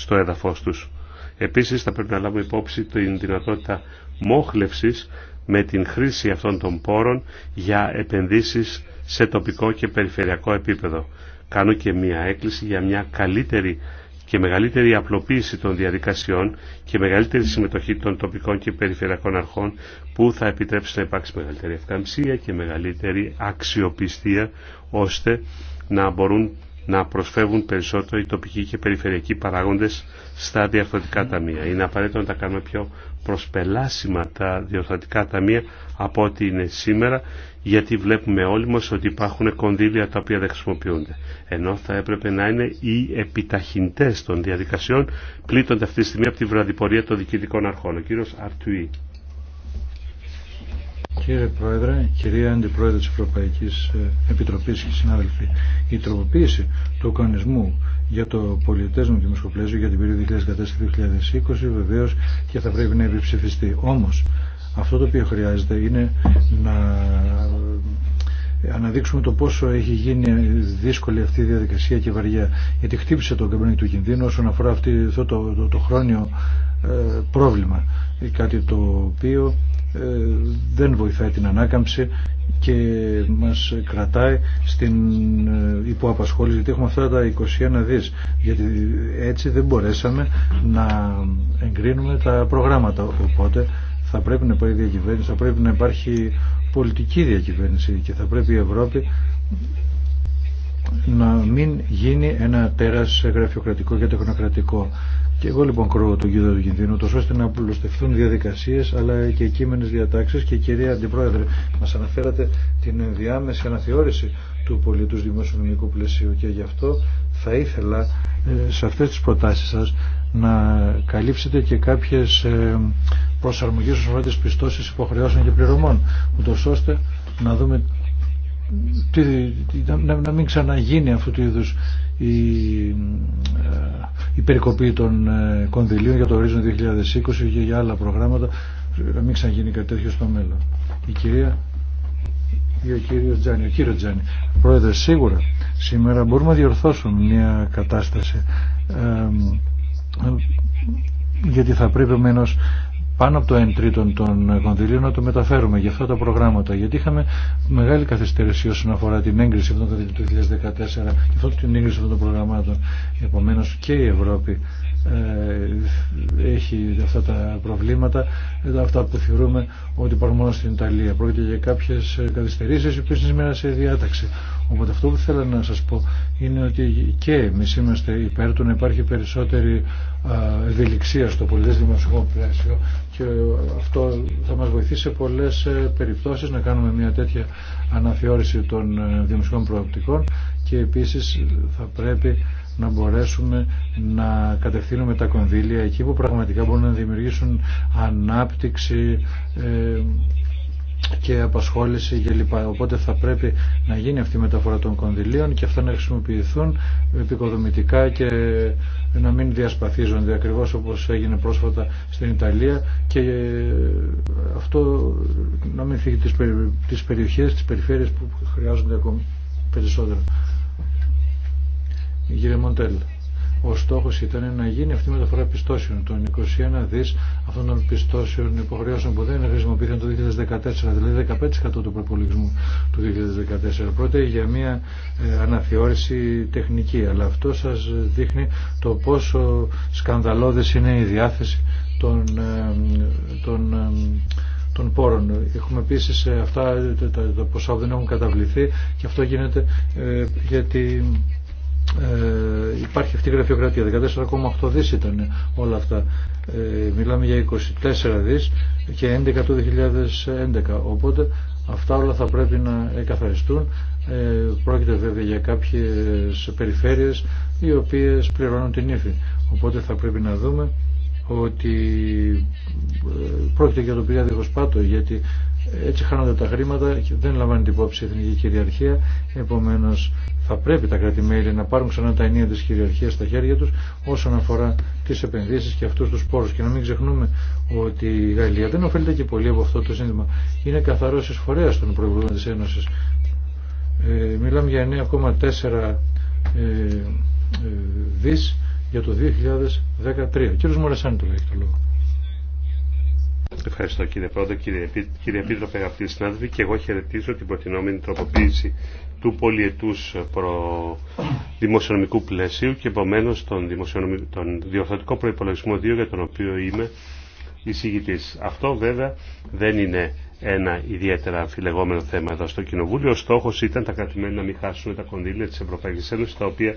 στο έδαφος τους. Επίσης θα πρέπει να λάβουμε υπόψη την δυνατότητα μόχλευσης με την χρήση αυτών των πόρων για επενδύσεις σε τοπικό και περιφερειακό επίπεδο. Κάνω και μία έκκληση για μια καλύτερη και μεγαλύτερη απλοποίηση των διαδικασιών και μεγαλύτερη συμμετοχή των τοπικών και περιφερειακών αρχών που θα επιτρέψει να υπάρξει μεγαλύτερη ευκαμψία και μεγαλύτερη αξιοπιστία ώστε να μπορούν να προσφεύγουν περισσότερο οι τοπικοί και περιφερειακοί παράγοντες στα διαρθρωτικά ταμεία. Είναι απαραίτητο να τα κάνουμε πιο προσπελάσιμα τα διορθωτικά ταμεία από ό,τι είναι σήμερα, γιατί βλέπουμε όλοι μας ότι υπάρχουν κονδύλια τα οποία δεν χρησιμοποιούνται. Ενώ θα έπρεπε να είναι οι επιταχυντές των διαδικασιών πλήττονται αυτή τη στιγμή από τη βραδιπορία των διοικητικών αρχών. Ο κύριος Αρτουή. Κύριε Πρόεδρε, κυρία Αντιπρόεδρε της Ευρωπαϊκής ε, Επιτροπής και συνάδελφοι, η τροποποίηση του κανονισμού για το πολιτέσμο και πλαίσιο για την περίοδο 2014-2020 βεβαίως και θα πρέπει να επιψηφιστεί. Όμως, αυτό το οποίο χρειάζεται είναι να ε, αναδείξουμε το πόσο έχει γίνει δύσκολη αυτή η διαδικασία και βαριά. Γιατί χτύπησε το καμπανί του κινδύνου όσον αφορά αυτή, αυτό το, το, το, το χρόνιο ε, πρόβλημα. Κάτι το οποίο ε, δεν βοηθάει την ανάκαμψη και μας κρατάει στην ε, υποαπασχόληση γιατί έχουμε αυτά τα 21 δις γιατί έτσι δεν μπορέσαμε να εγκρίνουμε τα προγράμματα οπότε θα πρέπει να υπάρχει διακυβέρνηση θα πρέπει να υπάρχει πολιτική διακυβέρνηση και θα πρέπει η Ευρώπη να μην γίνει ένα τέρας γραφειοκρατικό και τεχνοκρατικό και εγώ λοιπόν κρούω τον κύριο του κινδύνου, τόσο ώστε να απλουστευτούν διαδικασίε αλλά και κείμενε διατάξει. Και κυρία Αντιπρόεδρε, μα αναφέρατε την ενδιάμεση αναθεώρηση του πολιτού δημοσιονομικού πλαισίου και γι' αυτό θα ήθελα ε, σε αυτέ τι προτάσει σα να καλύψετε και κάποιες ε, προσαρμογές όσον αφορά τις πιστώσεις υποχρεώσεων και πληρωμών ούτω ώστε να δούμε να μην ξαναγίνει αυτού του είδου. Ε, η περικοπή των ε, κονδυλίων για το ορίζον 2020 και για άλλα προγράμματα να μην ξαναγίνει κάτι τέτοιο στο μέλλον. Η κυρία ή ο κύριος Τζάνι, ο κύριος Τζάνι. Πρόεδρε, σίγουρα σήμερα μπορούμε να διορθώσουμε μια κατάσταση ε, γιατί θα πρέπει ομένως πάνω από το 1 τρίτο των κονδυλίων να το μεταφέρουμε για αυτά τα προγράμματα. Γιατί είχαμε μεγάλη καθυστέρηση όσον αφορά την έγκριση αυτών των του 2014 και αυτό την έγκριση αυτών των προγραμμάτων. Επομένω και η Ευρώπη ε, έχει αυτά τα προβλήματα, αυτά που θεωρούμε ότι υπάρχουν μόνο στην Ιταλία. Πρόκειται για κάποιε καθυστερήσει οι οποίε είναι σήμερα σε διάταξη. Οπότε αυτό που θέλω να σα πω είναι ότι και εμεί είμαστε υπέρ του να υπάρχει περισσότερη ε, ευελιξία στο πολιτέ δημοσιογραφικό πλαίσιο και αυτό θα μας βοηθήσει σε πολλές ε, περιπτώσεις να κάνουμε μια τέτοια αναθεώρηση των ε, δημοσιών προοπτικών και επίσης θα πρέπει να μπορέσουμε να κατευθύνουμε τα κονδύλια εκεί που πραγματικά μπορούν να δημιουργήσουν ανάπτυξη ε, και απασχόληση κλπ. Οπότε θα πρέπει να γίνει αυτή η μεταφορά των κονδυλίων και αυτά να χρησιμοποιηθούν επικοδομητικά και να μην διασπαθίζονται ακριβώς όπως έγινε πρόσφατα στην Ιταλία και ε, αυτό να μην φύγει τις περιοχές, τις περιφέρειες που χρειάζονται ακόμη περισσότερο. Κύριε Μοντέλ ο στόχος ήταν να γίνει αυτή η μεταφορά πιστώσεων των 21 δις αυτών των πιστώσεων υποχρεώσεων που δεν χρησιμοποιήθηκαν το 2014, δηλαδή 15% του προπολογισμού του 2014. Πρώτα για μια ε, αναθεώρηση τεχνική, αλλά αυτό σας δείχνει το πόσο σκανδαλώδες είναι η διάθεση των, ε, των ε, των πόρων. Έχουμε επίση αυτά τα, ποσά που δεν έχουν καταβληθεί και αυτό γίνεται γιατί ε, υπάρχει αυτή η γραφειοκρατία. 14,8 δις ήταν όλα αυτά. Ε, μιλάμε για 24 δις και 11 το 2011. Οπότε αυτά όλα θα πρέπει να εκαθαριστούν. Ε, πρόκειται βέβαια για κάποιες περιφέρειες οι οποίες πληρώνουν την ύφη. Οπότε θα πρέπει να δούμε ότι ε, πρόκειται για το πηγάδι πάτο γιατί έτσι χάνονται τα χρήματα και δεν λαμβάνει την υπόψη η εθνική κυριαρχία. Επομένω, θα πρέπει τα κράτη-μέλη να πάρουν ξανά τα ενία τη κυριαρχία στα χέρια του όσον αφορά τι επενδύσει και αυτού του πόρου. Και να μην ξεχνούμε ότι η Γαλλία δεν ωφελείται και πολύ από αυτό το σύνδεμα Είναι καθαρό εισφορέα των προηγούμενων τη Ένωση. Ε, μιλάμε για 9,4 ε, ε, δις για το 2013. Ο κ. το λέει το λόγο. Ευχαριστώ κύριε Πρόεδρε, κύριε, κύριε Επίτροπε, αγαπητοί συνάδελφοι, και εγώ χαιρετίζω την προτινόμενη τροποποίηση του πολιετούς ε, δημοσιονομικού πλαισίου και επομένω τον, τον διορθωτικό προπολογισμό 2 για τον οποίο είμαι εισηγητή. Αυτό βέβαια δεν είναι ένα ιδιαίτερα αμφιλεγόμενο θέμα εδώ στο Κοινοβούλιο. Ο στόχο ήταν τα κρατημένα να μην χάσουν τα κονδύλια τη Ευρωπαϊκή Ένωση τα οποία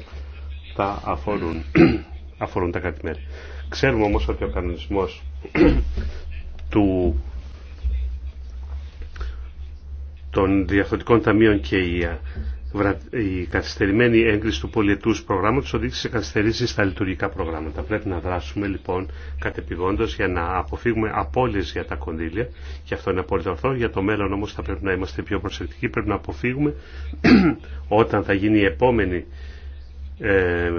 θα αφορούν, αφορούν τα κρατημένα. Ξέρουμε όμω ότι ο κανονισμό του, των διαφορετικών ταμείων και η, η καθυστερημένη έγκριση του πολιετούς προγράμματος οδήγησε σε καθυστερήσεις στα λειτουργικά προγράμματα. Πρέπει να δράσουμε λοιπόν κατεπηγόντως για να αποφύγουμε απώλειες για τα κονδύλια και αυτό είναι απόλυτο ορθό. Για το μέλλον όμως θα πρέπει να είμαστε πιο προσεκτικοί, πρέπει να αποφύγουμε όταν θα γίνει η επόμενη ε,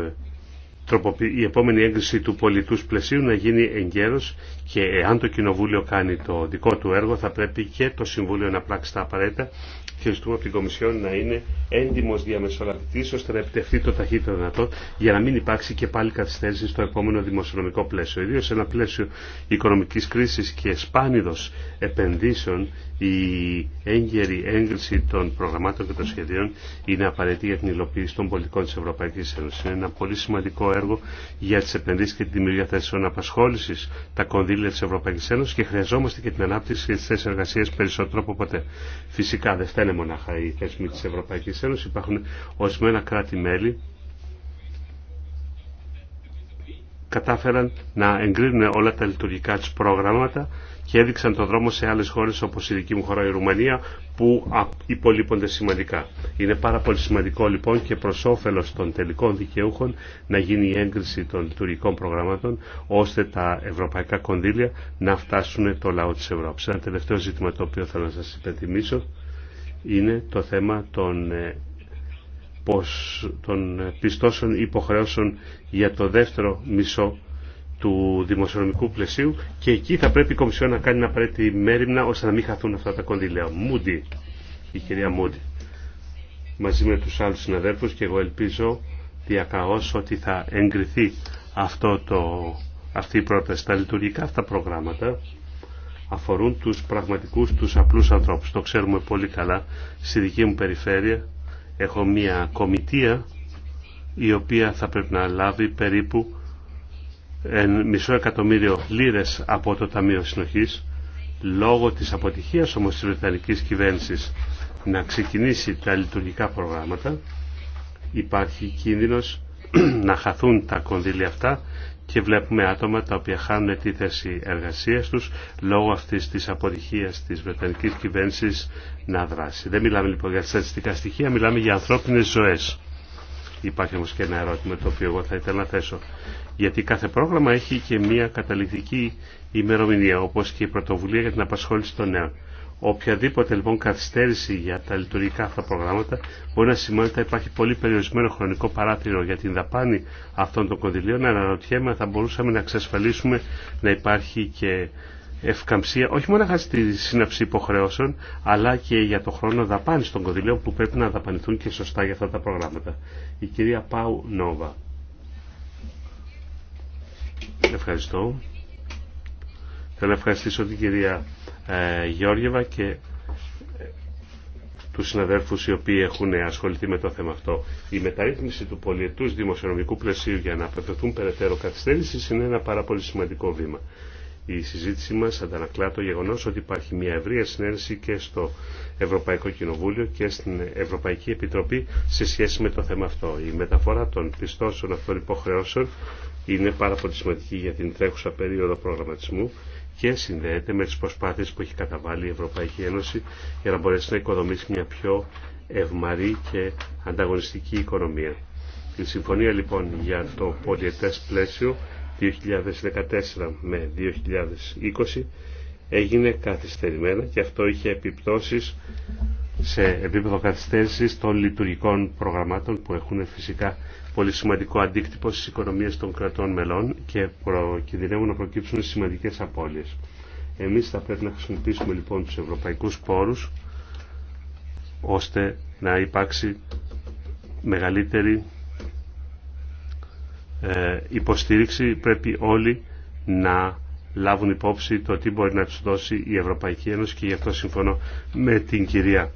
η επόμενη έγκριση του πολιτούς πλαισίου να γίνει εγκαίρως και εάν το Κοινοβούλιο κάνει το δικό του έργο θα πρέπει και το Συμβούλιο να πράξει τα απαραίτητα και ζητούμε από την Κομισιόν να είναι έντιμος διαμεσολαβητής ώστε να επιτευχθεί το ταχύτερο δυνατό για να μην υπάρξει και πάλι καθυστέρηση στο επόμενο δημοσιονομικό πλαίσιο. Ιδίω σε ένα πλαίσιο οικονομικής κρίσης και σπάνιδος επενδύσεων η έγκαιρη έγκριση των προγραμμάτων και των σχεδίων είναι απαραίτητη για την υλοποίηση των πολιτικών της Ευρωπαϊκής Ένωσης. Είναι ένα πολύ σημαντικό έργο για τις επενδύσεις και τη δημιουργία θέσεων απασχόλησης, τα κονδύλια της Ευρωπαϊκής Ένωσης και χρειαζόμαστε και την ανάπτυξη και τι εργασίας περισσότερο από ποτέ. Φυσικά δεν φταίνε μονάχα οι θέσμοι της Ευρωπαϊκής Ένωσης, υπάρχουν ορισμένα κράτη-μέλη κατάφεραν να εγκρίνουν όλα τα λειτουργικά του προγράμματα και έδειξαν τον δρόμο σε άλλες χώρες όπως η δική μου χώρα η Ρουμανία που υπολείπονται σημαντικά. Είναι πάρα πολύ σημαντικό λοιπόν και προς όφελος των τελικών δικαιούχων να γίνει η έγκριση των λειτουργικών προγραμμάτων ώστε τα ευρωπαϊκά κονδύλια να φτάσουν το λαό της Ευρώπης. Ένα τελευταίο ζήτημα το οποίο θέλω να σας υπενθυμίσω είναι το θέμα των ε, των πιστώσεων υποχρεώσεων για το δεύτερο μισό του δημοσιονομικού πλαισίου και εκεί θα πρέπει η Κομισιόν να κάνει ένα απαραίτητη μέρημνα ώστε να μην χαθούν αυτά τα κονδύλια. Μούντι, η κυρία Μούντι, μαζί με τους άλλους συναδέλφους και εγώ ελπίζω διακαώς ότι θα εγκριθεί αυτό το, αυτή η πρόταση. Τα λειτουργικά αυτά προγράμματα αφορούν τους πραγματικούς, τους απλούς ανθρώπους. Το ξέρουμε πολύ καλά. Στη δική μου περιφέρεια έχω μια κομιτεία η οποία θα πρέπει να λάβει περίπου μισό εκατομμύριο λίρες από το Ταμείο Συνοχής λόγω της αποτυχίας όμως της Βρετανικής κυβέρνησης να ξεκινήσει τα λειτουργικά προγράμματα υπάρχει κίνδυνος να χαθούν τα κονδύλια αυτά και βλέπουμε άτομα τα οποία χάνουν τη θέση εργασίας τους λόγω αυτής της αποτυχίας της Βρετανικής κυβέρνησης να δράσει. Δεν μιλάμε λοιπόν για στατιστικά στοιχεία, μιλάμε για ανθρώπινες ζωές. Υπάρχει όμως και ένα ερώτημα το οποίο εγώ θα ήθελα να θέσω γιατί κάθε πρόγραμμα έχει και μια καταληκτική ημερομηνία, όπως και η πρωτοβουλία για την απασχόληση των νέων. Οποιαδήποτε λοιπόν καθυστέρηση για τα λειτουργικά αυτά προγράμματα μπορεί να σημαίνει ότι θα υπάρχει πολύ περιορισμένο χρονικό παράθυρο για την δαπάνη αυτών των κονδυλίων. Αναρωτιέμαι αν θα μπορούσαμε να εξασφαλίσουμε να υπάρχει και ευκαμψία, όχι μόνο τη σύναψη υποχρεώσεων, αλλά και για το χρόνο δαπάνη των κονδυλίων που πρέπει να δαπανηθούν και σωστά για αυτά τα προγράμματα. Η κυρία Πάου Νόβα. Ευχαριστώ. Θέλω να ευχαριστήσω την κυρία ε, Γιώργεβα και ε, τους συναδέλφους οι οποίοι έχουν ασχοληθεί με το θέμα αυτό. Η μεταρρύθμιση του πολιετούς δημοσιονομικού πλαισίου για να απευθυνθούν περαιτέρω καθυστέρησης είναι ένα πάρα πολύ σημαντικό βήμα. Η συζήτησή μας αντανακλά το γεγονός ότι υπάρχει μια ευρεία συνέντευξη και στο Ευρωπαϊκό Κοινοβούλιο και στην Ευρωπαϊκή Επιτροπή σε σχέση με το θέμα αυτό. Η μεταφορά των πιστώσεων αυτών υποχρεώσεων είναι πάρα πολύ σημαντική για την τρέχουσα περίοδο προγραμματισμού και συνδέεται με τις προσπάθειες που έχει καταβάλει η Ευρωπαϊκή Ένωση για να μπορέσει να οικοδομήσει μια πιο ευμαρή και ανταγωνιστική οικονομία. Η συμφωνία λοιπόν για το πολιετές πλαίσιο 2014 με 2020 έγινε καθυστερημένα και αυτό είχε επιπτώσεις σε επίπεδο καθυστέρησης των λειτουργικών προγραμμάτων που έχουν φυσικά πολύ σημαντικό αντίκτυπο στις οικονομίες των κρατών μελών και κινδυνεύουν να προκύψουν σημαντικές απώλειες. Εμείς θα πρέπει να χρησιμοποιήσουμε λοιπόν τους ευρωπαϊκούς πόρους ώστε να υπάρξει μεγαλύτερη ε, υποστήριξη. Πρέπει όλοι να λάβουν υπόψη το τι μπορεί να τους δώσει η Ευρωπαϊκή Ένωση και γι' αυτό συμφωνώ με την κυρία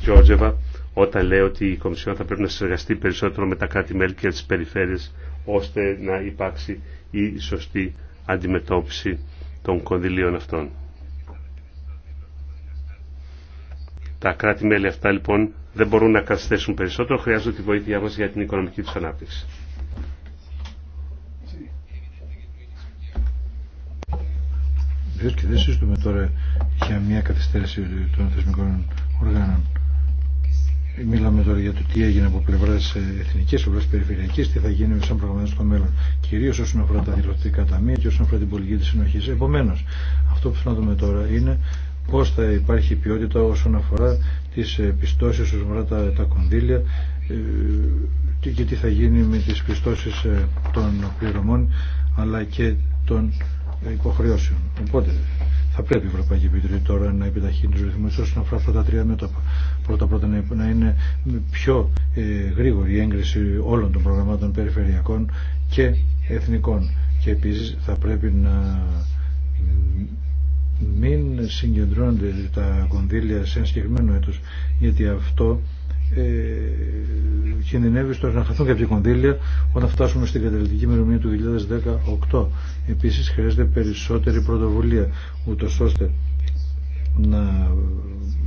Γιώργεβα όταν λέει ότι η Κομισιόν θα πρέπει να συνεργαστεί περισσότερο με τα κράτη-μέλη και τι περιφέρειες ώστε να υπάρξει η σωστή αντιμετώπιση των κονδυλίων αυτών. Τα κράτη-μέλη αυτά λοιπόν δεν μπορούν να καθυστέρησουν περισσότερο, χρειάζονται τη βοήθειά μας για την οικονομική του ανάπτυξη. και δεν συζητούμε τώρα για μια καθυστέρηση των θεσμικών οργάνων. Μιλάμε τώρα για το τι έγινε από πλευρά ε, εθνική, από πλευρά περιφερειακή, τι θα γίνει με σαν προγραμματισμό στο μέλλον. Κυρίω όσον αφορά τα δηλωτικά ταμεία και όσον αφορά την πολιτική τη συνοχή. Επομένω, αυτό που θέλουμε να δούμε τώρα είναι πώ θα υπάρχει ποιότητα όσον αφορά τι ε, πιστώσει, όσον αφορά τα, τα κονδύλια ε, και τι θα γίνει με τι πιστώσει των πληρωμών αλλά και των υποχρεώσεων. Οπότε θα πρέπει η Ευρωπαϊκή Επιτροπή τώρα να επιταχύνει του ρυθμού όσον αφορά αυτά τα τρία μέτωπα. Πρώτα-πρώτα να είναι πιο ε, γρήγορη η έγκριση όλων των προγραμμάτων περιφερειακών και εθνικών. Και επίση θα πρέπει να μην συγκεντρώνονται τα κονδύλια σε ένα συγκεκριμένο έτος γιατί αυτό ε, κινδυνεύει στο να χαθούν κάποια κονδύλια όταν φτάσουμε στην καταληκτική ημερομηνία του 2018 Επίσης χρειάζεται περισσότερη πρωτοβουλία, ούτω ώστε να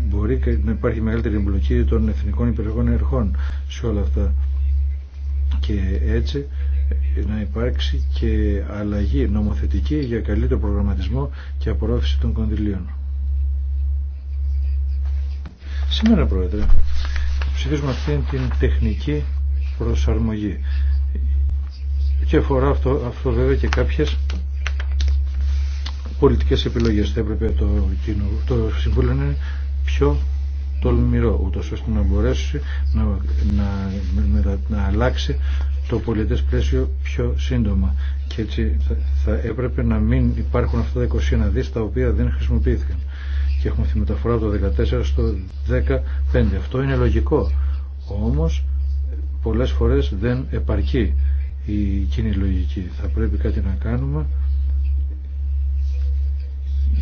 μπορεί να υπάρχει μεγαλύτερη εμπλοκή των εθνικών υπηρεσιών ερχών σε όλα αυτά. Και έτσι να υπάρξει και αλλαγή νομοθετική για καλύτερο προγραμματισμό και απορρόφηση των κονδυλίων. Σήμερα, Πρόεδρε, ψηφίζουμε αυτήν την τεχνική προσαρμογή και αφορά αυτό, αυτό βέβαια και κάποιες πολιτικές επιλογές. Θα έπρεπε το, το Συμβούλιο να είναι πιο τολμηρό, ούτως ώστε να μπορέσει να, να, να, να αλλάξει το πολιτές πλαίσιο πιο σύντομα. Και έτσι θα, έπρεπε να μην υπάρχουν αυτά τα 21 δις τα οποία δεν χρησιμοποιήθηκαν. Και έχουμε τη μεταφορά από το 14 στο 15. Αυτό είναι λογικό. Όμως πολλές φορές δεν επαρκεί η κοινή λογική. Θα πρέπει κάτι να κάνουμε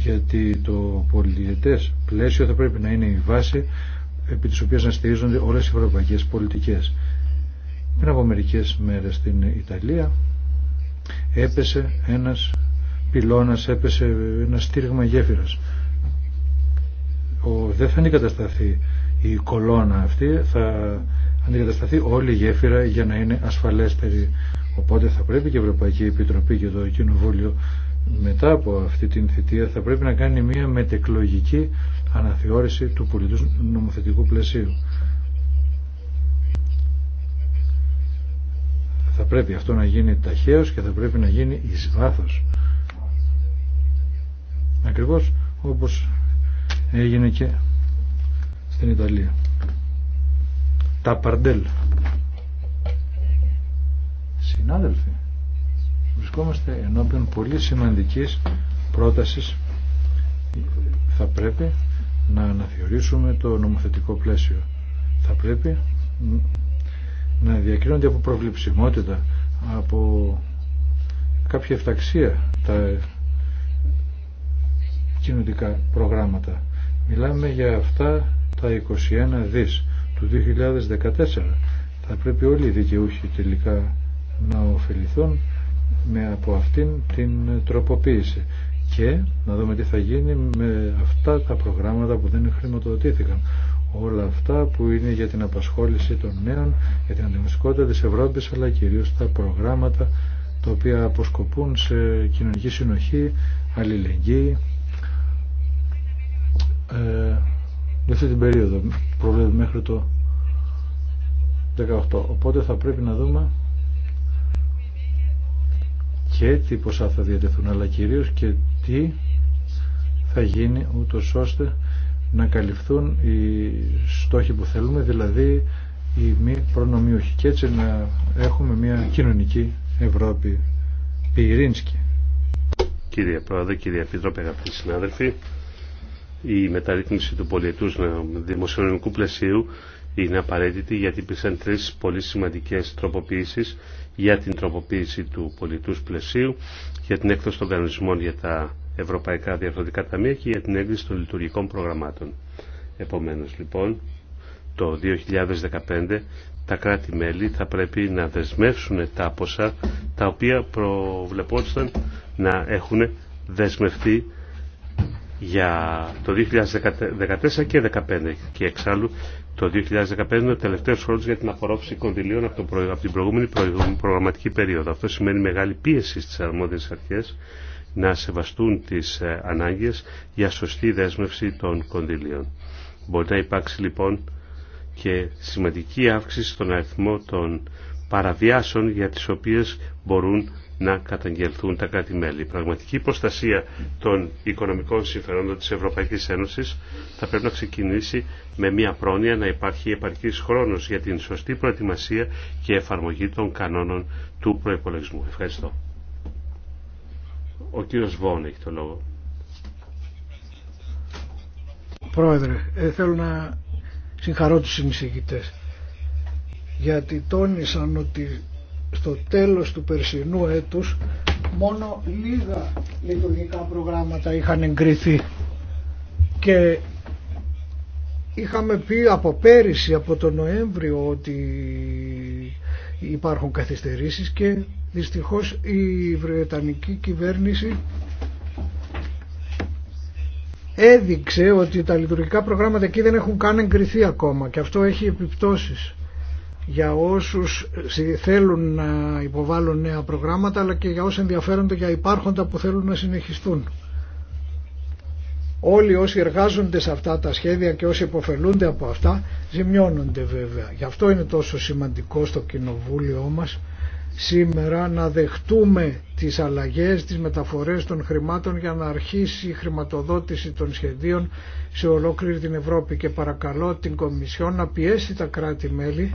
γιατί το πολιετές πλαίσιο θα πρέπει να είναι η βάση επί της οποίας να στηρίζονται όλες οι ευρωπαϊκές πολιτικές. Πριν από μερικές μέρες στην Ιταλία έπεσε ένας πυλώνας, έπεσε ένα στήριγμα γέφυρας. Ο, δεν θα αντικατασταθεί η κολόνα αυτή, θα αντικατασταθεί όλη η γέφυρα για να είναι ασφαλές δηλαδή. Οπότε θα πρέπει και η Ευρωπαϊκή Επιτροπή και το Κοινοβούλιο μετά από αυτή την θητεία θα πρέπει να κάνει μια μετεκλογική αναθεώρηση του πολιτού νομοθετικού πλαισίου. Θα πρέπει αυτό να γίνει ταχαίως και θα πρέπει να γίνει εις βάθος. Ακριβώς όπως έγινε και στην Ιταλία τα παρντέλ. Συνάδελφοι, βρισκόμαστε ενώπιον πολύ σημαντικής πρότασης. Θα πρέπει να αναθεωρήσουμε το νομοθετικό πλαίσιο. Θα πρέπει να διακρίνονται από προβληψιμότητα, από κάποια εφταξία τα κοινωτικά προγράμματα. Μιλάμε για αυτά τα 21 δις του 2014. Θα πρέπει όλοι οι δικαιούχοι τελικά να ωφεληθούν με από αυτήν την τροποποίηση και να δούμε τι θα γίνει με αυτά τα προγράμματα που δεν χρηματοδοτήθηκαν. Όλα αυτά που είναι για την απασχόληση των νέων, για την αντιμετωπιστικότητα της Ευρώπης, αλλά κυρίως τα προγράμματα τα οποία αποσκοπούν σε κοινωνική συνοχή, αλληλεγγύη, ε, για αυτή την περίοδο προβλέπει μέχρι το 18. Οπότε θα πρέπει να δούμε και τι ποσά θα διατεθούν αλλά κυρίως και τι θα γίνει ούτω ώστε να καλυφθούν οι στόχοι που θέλουμε δηλαδή οι μη προνομιούχοι και έτσι να έχουμε μια κοινωνική Ευρώπη πυρήνσκη. Κύριε Πρόεδρε, κύριε Επίτροπε, αγαπητοί συνάδελφοι, η μεταρρύθμιση του πολιετούς δημοσιονομικού πλαισίου είναι απαραίτητη γιατί υπήρξαν τρεις πολύ σημαντικές τροποποίησεις για την τροποποίηση του πολιτούς πλαισίου, για την έκδοση των κανονισμών για τα Ευρωπαϊκά Διαφορετικά Ταμεία και για την έγκριση των λειτουργικών προγραμμάτων. Επομένως λοιπόν, το 2015 τα κράτη-μέλη θα πρέπει να δεσμεύσουν τα ποσά τα οποία προβλεπόταν να έχουν δεσμευτεί για το 2014 και 2015 και εξάλλου το 2015 είναι ο τελευταίος χρόνος για την απορρόφηση κονδυλίων από, από την προηγούμενη προγραμματική περίοδο. Αυτό σημαίνει μεγάλη πίεση στις αρμόδιες αρχές να σεβαστούν τις ε, ανάγκες για σωστή δέσμευση των κονδυλίων. Μπορεί να υπάρξει λοιπόν και σημαντική αύξηση στον αριθμό των παραβιάσεων για τις οποίες μπορούν να καταγγελθούν τα κράτη-μέλη. Η πραγματική προστασία των οικονομικών συμφερόντων της Ευρωπαϊκής Ένωσης θα πρέπει να ξεκινήσει με μια πρόνοια να υπάρχει επαρκής χρόνος για την σωστή προετοιμασία και εφαρμογή των κανόνων του προϋπολογισμού. Ευχαριστώ. Ο κύριος Βόν έχει το λόγο. Πρόεδρε, ε, θέλω να συγχαρώ τους συνεισηγητές γιατί τόνισαν ότι στο τέλος του περσινού έτους μόνο λίγα λειτουργικά προγράμματα είχαν εγκριθεί και είχαμε πει από πέρυσι, από τον Νοέμβριο ότι υπάρχουν καθυστερήσεις και δυστυχώς η Βρετανική κυβέρνηση έδειξε ότι τα λειτουργικά προγράμματα εκεί δεν έχουν καν εγκριθεί ακόμα και αυτό έχει επιπτώσεις για όσους θέλουν να υποβάλουν νέα προγράμματα αλλά και για όσους ενδιαφέρονται για υπάρχοντα που θέλουν να συνεχιστούν. Όλοι όσοι εργάζονται σε αυτά τα σχέδια και όσοι υποφελούνται από αυτά ζημιώνονται βέβαια. Γι' αυτό είναι τόσο σημαντικό στο κοινοβούλιο μας σήμερα να δεχτούμε τις αλλαγές, τις μεταφορές των χρημάτων για να αρχίσει η χρηματοδότηση των σχεδίων σε ολόκληρη την Ευρώπη και παρακαλώ την Κομισιόν να πιέσει τα κράτη-μέλη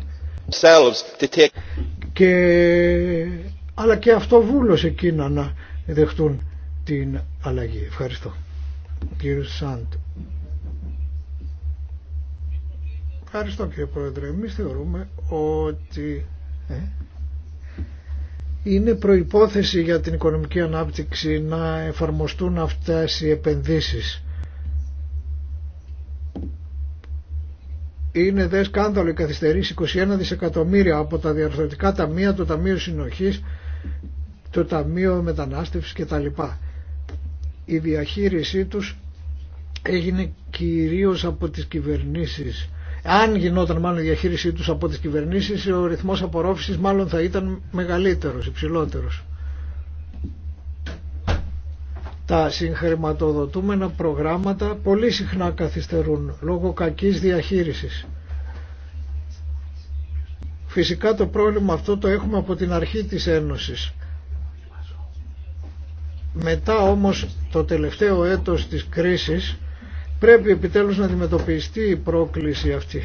και... Αλλά και αυτό εκείνα να δεχτούν την αλλαγή. Ευχαριστώ. Κύριε Σάντ. Ευχαριστώ κύριε Πρόεδρε. Εμείς θεωρούμε ότι ε, είναι προϋπόθεση για την οικονομική ανάπτυξη να εφαρμοστούν αυτές οι επενδύσεις είναι δε σκάνδαλο οι καθυστερήσει 21 δισεκατομμύρια από τα διαρθρωτικά ταμεία, το Ταμείο Συνοχής, το Ταμείο Μετανάστευσης κτλ. Η διαχείρισή τους έγινε κυρίως από τις κυβερνήσεις. Αν γινόταν μάλλον η διαχείρισή τους από τις κυβερνήσεις, ο ρυθμός απορρόφησης μάλλον θα ήταν μεγαλύτερος, υψηλότερο. Τα συγχρηματοδοτούμενα προγράμματα πολύ συχνά καθυστερούν λόγω κακής διαχείρισης. Φυσικά το πρόβλημα αυτό το έχουμε από την αρχή της Ένωσης. Μετά όμως το τελευταίο έτος της κρίσης πρέπει επιτέλους να αντιμετωπιστεί η πρόκληση αυτή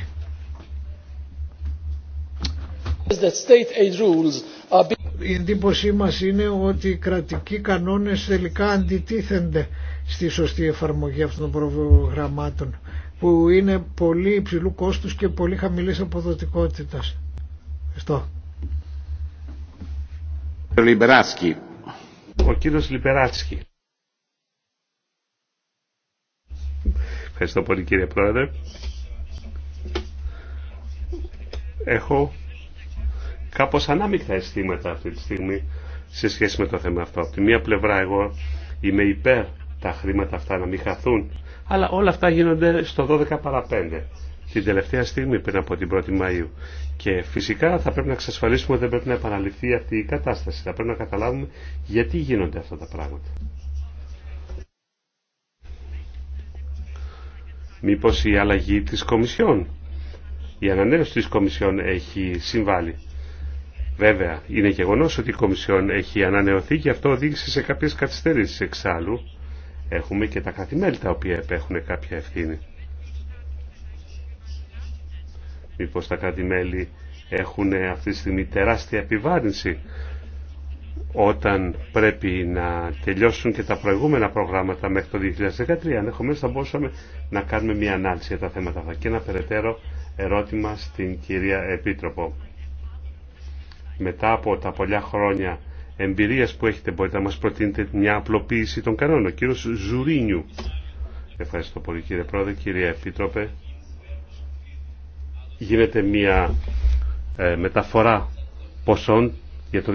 η εντύπωσή μας είναι ότι οι κρατικοί κανόνες τελικά αντιτίθενται στη σωστή εφαρμογή αυτών των προγραμμάτων που είναι πολύ υψηλού κόστους και πολύ χαμηλής αποδοτικότητας. Ευχαριστώ. Λιμπεράσκι. Ο κύριος Ευχαριστώ πολύ κύριε Πρόεδρε. Έχω κάπως ανάμεικτα αισθήματα αυτή τη στιγμή σε σχέση με το θέμα αυτό. Από τη μία πλευρά εγώ είμαι υπέρ τα χρήματα αυτά να μην χαθούν, αλλά όλα αυτά γίνονται στο 12 παρα 5 την τελευταία στιγμή πριν από την 1η Μαΐου. Και φυσικά θα πρέπει να εξασφαλίσουμε ότι δεν πρέπει να επαναληφθεί αυτή η κατάσταση. Θα πρέπει να καταλάβουμε γιατί γίνονται αυτά τα πράγματα. Μήπως η αλλαγή της Κομισιόν, η ανανέωση της Κομισιόν έχει συμβάλει. Βέβαια, είναι γεγονός ότι η Κομισιόν έχει ανανεωθεί και αυτό οδήγησε σε κάποιες καθυστερήσεις εξάλλου. Έχουμε και τα καθημέλη τα οποία επέχουν κάποια ευθύνη. Μήπως τα καθημέλη έχουν αυτή τη στιγμή τεράστια επιβάρυνση όταν πρέπει να τελειώσουν και τα προηγούμενα προγράμματα μέχρι το 2013. έχουμε θα μπορούσαμε να κάνουμε μια ανάλυση για τα θέματα αυτά. Και ένα περαιτέρω ερώτημα στην κυρία Επίτροπο μετά από τα πολλά χρόνια εμπειρίας που έχετε μπορείτε να μας προτείνετε μια απλοποίηση των κανόνων. κύριος Ζουρίνιου. Ευχαριστώ πολύ κύριε Πρόεδρε, κύριε Επίτροπε. Γίνεται μια ε, μεταφορά ποσών για το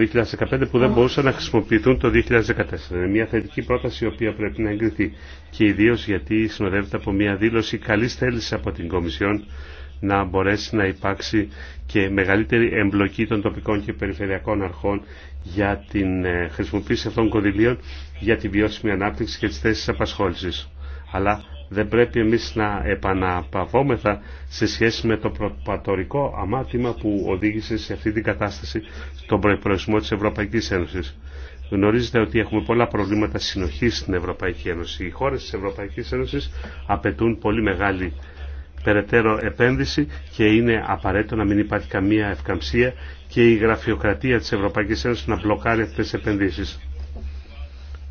2015 που δεν μπορούσαν να χρησιμοποιηθούν το 2014. Είναι μια θετική πρόταση η οποία πρέπει να εγκριθεί και ιδίως γιατί συνοδεύεται από μια δήλωση καλή θέληση από την Κομισιόν να μπορέσει να υπάρξει και μεγαλύτερη εμπλοκή των τοπικών και περιφερειακών αρχών για την ε, χρησιμοποίηση αυτών των κονδυλίων για τη βιώσιμη ανάπτυξη και τις θέσεις απασχόλησης. Αλλά δεν πρέπει εμείς να επαναπαυόμεθα σε σχέση με το προπατορικό αμάτημα που οδήγησε σε αυτή την κατάσταση τον προϋπολογισμό της Ευρωπαϊκής Ένωσης. Γνωρίζετε ότι έχουμε πολλά προβλήματα συνοχής στην Ευρωπαϊκή Ένωση. Οι χώρες της Ευρωπαϊκής Ένωσης απαιτούν πολύ μεγάλη περαιτέρω επένδυση και είναι απαραίτητο να μην υπάρχει καμία ευκαμψία και η γραφειοκρατία της Ευρωπαϊκής Ένωσης να μπλοκάρει αυτές τις επενδύσεις.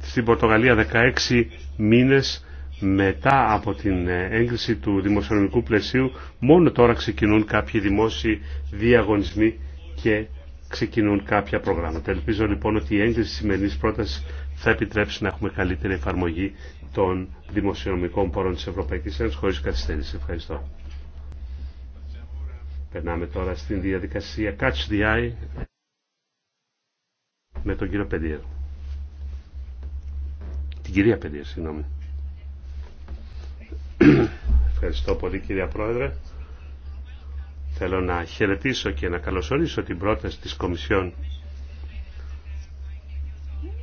Στην Πορτογαλία 16 μήνες μετά από την έγκριση του δημοσιονομικού πλαισίου μόνο τώρα ξεκινούν κάποιοι δημόσιοι διαγωνισμοί και ξεκινούν κάποια προγράμματα. Ελπίζω λοιπόν ότι η έγκριση της σημερινής πρότασης θα επιτρέψει να έχουμε καλύτερη εφαρμογή των δημοσιονομικών πόρων της Ευρωπαϊκής Ένωσης χωρίς καθυστέρηση. Ευχαριστώ. Περνάμε τώρα στην διαδικασία Catch the Eye με τον κύριο Πεντήρ. Την κυρία Πεντήρ, συγγνώμη. Ευχαριστώ πολύ κυρία Πρόεδρε. Θέλω να χαιρετήσω και να καλωσορίσω την πρόταση της Κομισιόν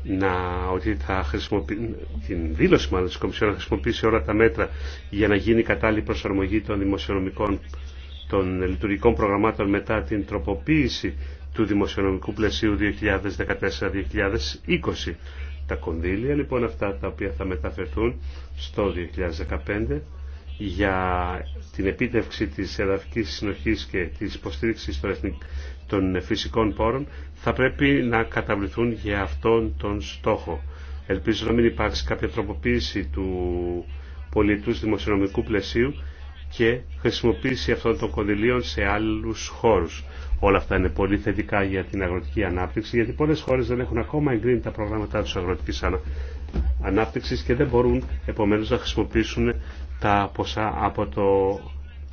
να, ότι θα χρησιμοποιήσει την δήλωση μάλλον της Κομισιόν να χρησιμοποιήσει όλα τα μέτρα για να γίνει κατάλληλη προσαρμογή των δημοσιονομικών των λειτουργικών προγραμμάτων μετά την τροποποίηση του δημοσιονομικού πλαισίου 2014-2020. Τα κονδύλια λοιπόν αυτά τα οποία θα μεταφερθούν στο 2015 για την επίτευξη της εδαφικής συνοχής και της υποστήριξης των φυσικών πόρων θα πρέπει να καταβληθούν για αυτόν τον στόχο. Ελπίζω να μην υπάρξει κάποια τροποποίηση του πολιτού δημοσιονομικού πλαισίου και χρησιμοποίηση αυτών των κονδυλίων σε άλλους χώρους. Όλα αυτά είναι πολύ θετικά για την αγροτική ανάπτυξη, γιατί πολλές χώρες δεν έχουν ακόμα εγκρίνει τα προγράμματά της αγροτικής ανάπτυξης και δεν μπορούν επομένως να χρησιμοποιήσουν τα ποσά από το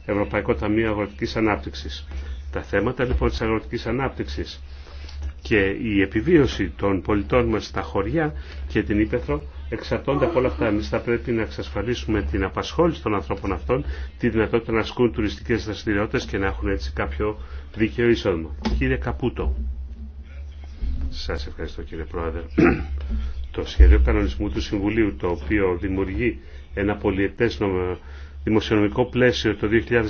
Ευρωπαϊκό Ταμείο Αγροτικής Ανάπτυξης. Τα θέματα λοιπόν της αγροτικής ανάπτυξης και η επιβίωση των πολιτών μας στα χωριά και την Ήπεθρο εξαρτώνται από όλα αυτά. Εμείς θα πρέπει να εξασφαλίσουμε την απασχόληση των ανθρώπων αυτών, τη δυνατότητα να ασκούν τουριστικές δραστηριότητες και να έχουν έτσι κάποιο δίκαιο εισόδημα. Κύριε Καπούτο. Σας ευχαριστώ κύριε Πρόεδρε. Το σχέδιο κανονισμού του Συμβουλίου το οποίο δημιουργεί ένα πολιετές δημοσιονομικό πλαίσιο το 2014-2020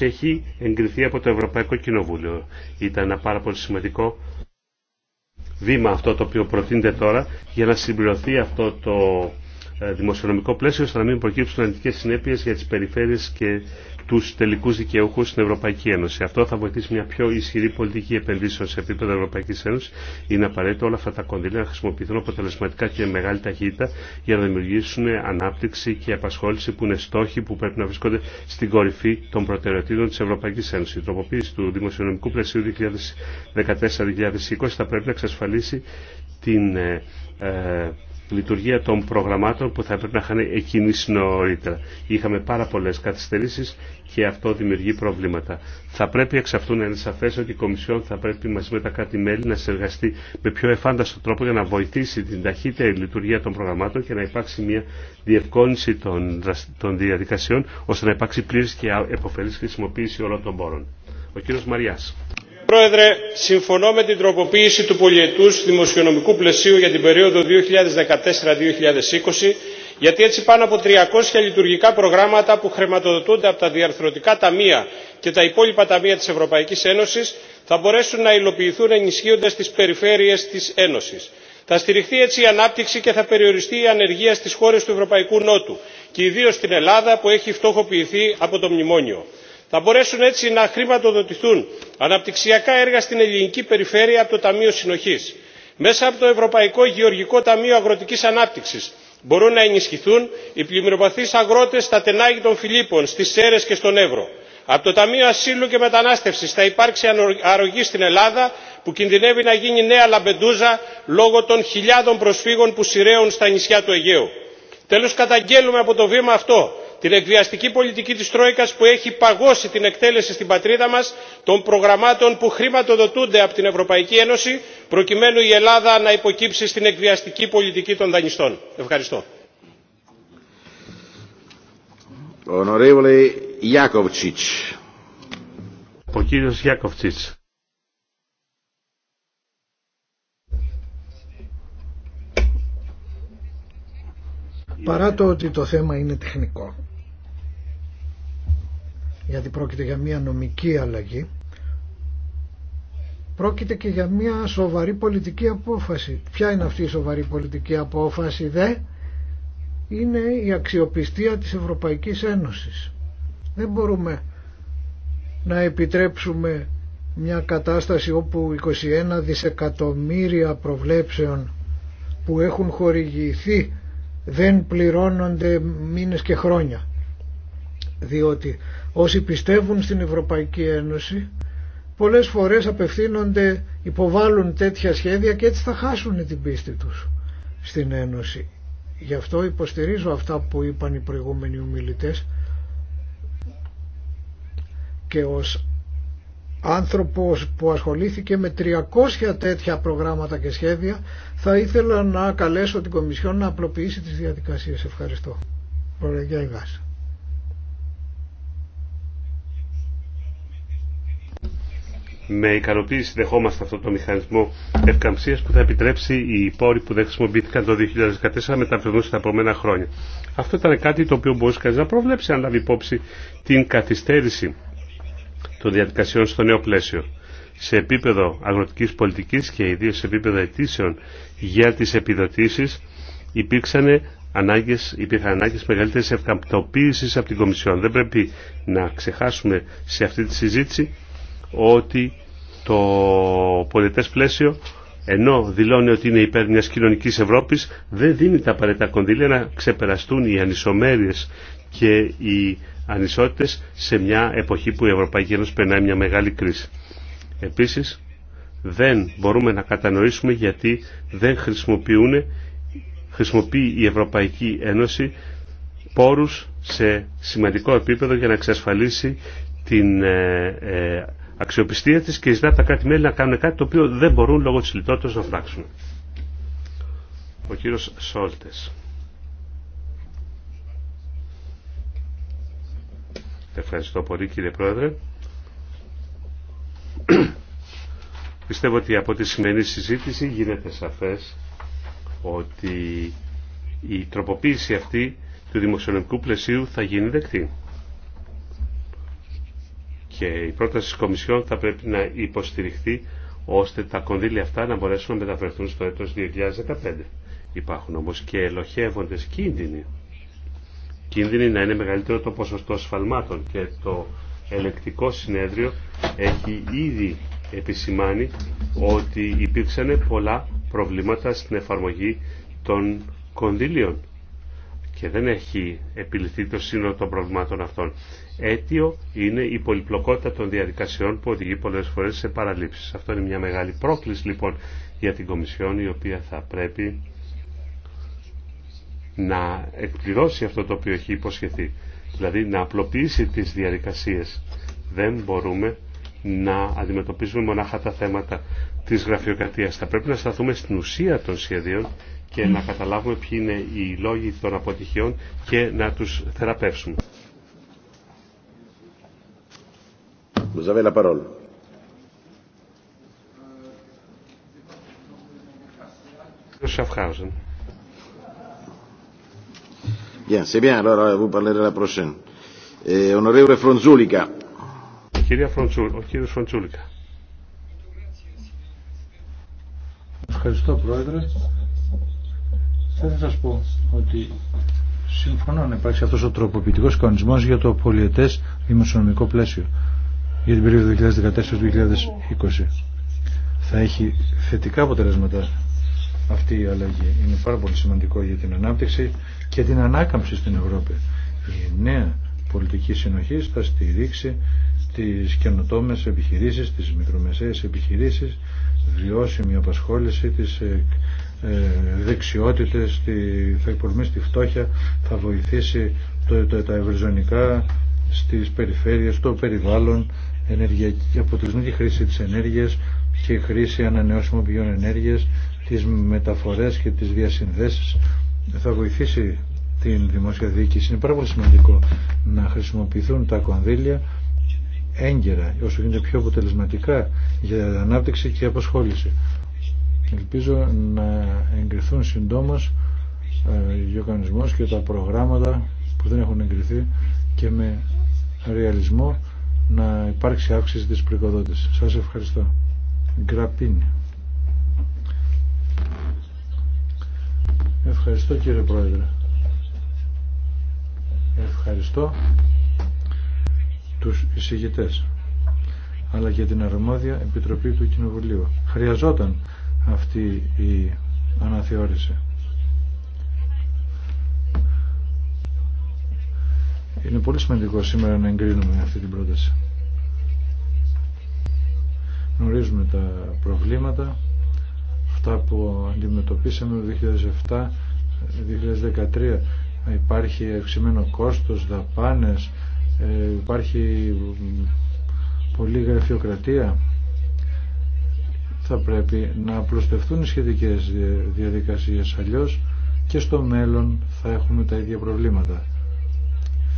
έχει εγκριθεί από το Ευρωπαϊκό Κοινοβούλιο. Ήταν ένα πάρα πολύ σημαντικό βήμα αυτό το οποίο προτείνεται τώρα για να συμπληρωθεί αυτό το ε, δημοσιονομικό πλαίσιο ώστε να μην προκύψουν αντικές συνέπειες για τις περιφέρειες και του τελικού δικαιούχου στην Ευρωπαϊκή Ένωση. Αυτό θα βοηθήσει μια πιο ισχυρή πολιτική επενδύσεων σε επίπεδο Ευρωπαϊκή Ένωση. Είναι απαραίτητο όλα αυτά τα κονδύλια να χρησιμοποιηθούν αποτελεσματικά και με μεγάλη ταχύτητα για να δημιουργήσουν ανάπτυξη και απασχόληση που είναι στόχοι που πρέπει να βρισκόνται στην κορυφή των προτεραιοτήτων τη Ευρωπαϊκή Ένωση. Η τροποποίηση του δημοσιονομικού πλαισίου 2014-2020 θα πρέπει να εξασφαλίσει την ε, ε λειτουργία των προγραμμάτων που θα έπρεπε να είχαν εκκινήσει νωρίτερα. Είχαμε πάρα πολλέ καθυστερήσει και αυτό δημιουργεί προβλήματα. Θα πρέπει εξ αυτού να είναι σαφέ ότι η Κομισιόν θα πρέπει μαζί με τα κράτη-μέλη να συνεργαστεί με πιο εφάνταστο τρόπο για να βοηθήσει την ταχύτερη λειτουργία των προγραμμάτων και να υπάρξει μια διευκόλυνση των, διαδικασιών ώστε να υπάρξει πλήρη και επωφελή χρησιμοποίηση όλων των πόρων. Ο κύριος Μαριάς. Πρόεδρε, συμφωνώ με την τροποποίηση του πολιετούς δημοσιονομικού πλαισίου για την περίοδο 2014-2020 γιατί έτσι πάνω από 300 λειτουργικά προγράμματα που χρηματοδοτούνται από τα διαρθρωτικά ταμεία και τα υπόλοιπα ταμεία της Ευρωπαϊκής Ένωσης θα μπορέσουν να υλοποιηθούν ενισχύοντας τις περιφέρειες της Ένωσης. Θα στηριχθεί έτσι η ανάπτυξη και θα περιοριστεί η ανεργία στις χώρες του Ευρωπαϊκού Νότου και ιδίως στην Ελλάδα που έχει φτωχοποιηθεί από το μνημόνιο θα μπορέσουν έτσι να χρηματοδοτηθούν αναπτυξιακά έργα στην ελληνική περιφέρεια από το ταμείο συνοχής. μέσα από το ευρωπαϊκό γεωργικό ταμείο αγροτικής ανάπτυξης μπορούν να ενισχυθούν οι πλημμυροπαθείς αγρότες στα τενάγη των φιλίππων στις σέρες και στον εύρο. από το ταμείο ασύλου και μετανάστευσης θα υπάρξει αρρωγή στην ελλάδα που κινδυνεύει να γίνει νέα λαμπεντούζα λόγω των χιλιάδων προσφύγων που σειραίουν στα νησιά του αιγαίου. τέλος καταγγέλουμε από το βήμα αυτό την εκβιαστική πολιτική της τρόικας που έχει παγώσει την εκτέλεση στην πατρίδα μας των προγραμμάτων που χρηματοδοτούνται από την ευρωπαϊκή ένωση προκειμένου η ελλάδα να υποκύψει στην εκβιαστική πολιτική των δανειστών. ευχαριστώ. Παρά το ότι το θέμα είναι τεχνικό, γιατί πρόκειται για μια νομική αλλαγή, πρόκειται και για μια σοβαρή πολιτική απόφαση. Ποια είναι αυτή η σοβαρή πολιτική απόφαση δε, είναι η αξιοπιστία της Ευρωπαϊκής Ένωσης. Δεν μπορούμε να επιτρέψουμε μια κατάσταση όπου 21 δισεκατομμύρια προβλέψεων που έχουν χορηγηθεί δεν πληρώνονται μήνες και χρόνια διότι όσοι πιστεύουν στην Ευρωπαϊκή Ένωση πολλές φορές απευθύνονται, υποβάλλουν τέτοια σχέδια και έτσι θα χάσουν την πίστη τους στην Ένωση. Γι' αυτό υποστηρίζω αυτά που είπαν οι προηγούμενοι ομιλητές και ως άνθρωπος που ασχολήθηκε με 300 τέτοια προγράμματα και σχέδια θα ήθελα να καλέσω την Κομισιόν να απλοποιήσει τις διαδικασίες. Ευχαριστώ. με ικανοποίηση δεχόμαστε αυτό το μηχανισμό ευκαμψίας που θα επιτρέψει οι πόροι που δεν χρησιμοποιήθηκαν το 2014 να μεταφερθούν στα επόμενα χρόνια. Αυτό ήταν κάτι το οποίο μπορούσε κανείς να προβλέψει αν λάβει υπόψη την καθυστέρηση των διαδικασιών στο νέο πλαίσιο. Σε επίπεδο αγροτικής πολιτικής και ιδίω σε επίπεδο αιτήσεων για τις επιδοτήσεις υπήρξαν ανάγκες, υπήρχαν ανάγκες μεγαλύτερης ευκαμπτοποίησης από την Κομισιόν. Δεν πρέπει να ξεχάσουμε σε αυτή τη συζήτηση ότι το πολιτές πλαίσιο ενώ δηλώνει ότι είναι υπέρ μιας κοινωνικής Ευρώπης δεν δίνει τα απαραίτητα κονδύλια να ξεπεραστούν οι ανισομέρειες και οι ανισότητες σε μια εποχή που η Ευρωπαϊκή Ένωση περνάει μια μεγάλη κρίση. Επίσης δεν μπορούμε να κατανοήσουμε γιατί δεν χρησιμοποιούν χρησιμοποιεί η Ευρωπαϊκή Ένωση πόρους σε σημαντικό επίπεδο για να εξασφαλίσει την ε, ε, αξιοπιστία της και ζητά τα κράτη-μέλη να κάνουν κάτι το οποίο δεν μπορούν λόγω της λιτότητας να φράξουν. Ο κύριος Σόλτες. Ευχαριστώ πολύ κύριε Πρόεδρε. Πιστεύω ότι από τη σημερινή συζήτηση γίνεται σαφές ότι η τροποποίηση αυτή του δημοσιονομικού πλαισίου θα γίνει δεκτή και η πρόταση της Κομισιόν θα πρέπει να υποστηριχθεί ώστε τα κονδύλια αυτά να μπορέσουν να μεταφερθούν στο έτος 2015. Υπάρχουν όμως και ελοχεύοντες κίνδυνοι. Κίνδυνοι να είναι μεγαλύτερο το ποσοστό σφαλμάτων και το ελεκτικό συνέδριο έχει ήδη επισημάνει ότι υπήρξαν πολλά προβλήματα στην εφαρμογή των κονδύλιων και δεν έχει επιληθεί το σύνολο των προβλημάτων αυτών. Αίτιο είναι η πολυπλοκότητα των διαδικασιών που οδηγεί πολλέ φορέ σε παραλήψει. Αυτό είναι μια μεγάλη πρόκληση λοιπόν για την Κομισιόν η οποία θα πρέπει να εκπληρώσει αυτό το οποίο έχει υποσχεθεί. Δηλαδή να απλοποιήσει τις διαδικασίες. Δεν μπορούμε να αντιμετωπίζουμε μονάχα τα θέματα της γραφειοκρατίας. Θα πρέπει να σταθούμε στην ουσία των σχεδίων και να καταλάβουμε ποιοι είναι οι λόγοι των αποτυχιών και να τους θεραπεύσουμε. Παρόλ. Euh, euh, Ευχαριστώ, Πρόεδρε θα σας πω ότι συμφωνώ να υπάρξει αυτός ο τροποποιητικός κανονισμός για το πολιετές δημοσιονομικό πλαίσιο για την περίοδο 2014-2020. Θα έχει θετικά αποτελέσματα αυτή η αλλαγή. Είναι πάρα πολύ σημαντικό για την ανάπτυξη και την ανάκαμψη στην Ευρώπη. Η νέα πολιτική συνοχή θα στηρίξει τις καινοτόμες επιχειρήσεις, τις μικρομεσαίες επιχειρήσεις, βιώσιμη απασχόληση, τις ε, δεξιότητες, θα υπορμήσει τη φτώχεια, θα βοηθήσει τα ευρυζωνικά στις περιφέρειες, το περιβάλλον, ενεργειακή, τη χρήση της ενέργειας και χρήση ανανεώσιμων πηγών ενέργειας, τις μεταφορές και τις διασυνδέσεις θα βοηθήσει την δημόσια διοίκηση. Είναι πάρα πολύ σημαντικό να χρησιμοποιηθούν τα κονδύλια έγκαιρα, όσο γίνεται πιο αποτελεσματικά για ανάπτυξη και απασχόληση. Ελπίζω να εγκριθούν συντόμως ε, οι και τα προγράμματα που δεν έχουν εγκριθεί και με ρεαλισμό να υπάρξει αύξηση της προοικοδότησης. Σας ευχαριστώ. Γκραπίνη. Ευχαριστώ κύριε Πρόεδρε. Ευχαριστώ τους εισηγητές αλλά και την αρμόδια Επιτροπή του Κοινοβουλίου. Χρειαζόταν αυτή η αναθεώρηση. Είναι πολύ σημαντικό σήμερα να εγκρίνουμε αυτή την πρόταση. Γνωρίζουμε τα προβλήματα, αυτά που αντιμετωπίσαμε το 2007-2013. Υπάρχει αυξημένο κόστος, δαπάνες, ε, υπάρχει πολλή γραφειοκρατία θα πρέπει να απλουστευτούν οι σχετικές διαδικασίες αλλιώς και στο μέλλον θα έχουμε τα ίδια προβλήματα.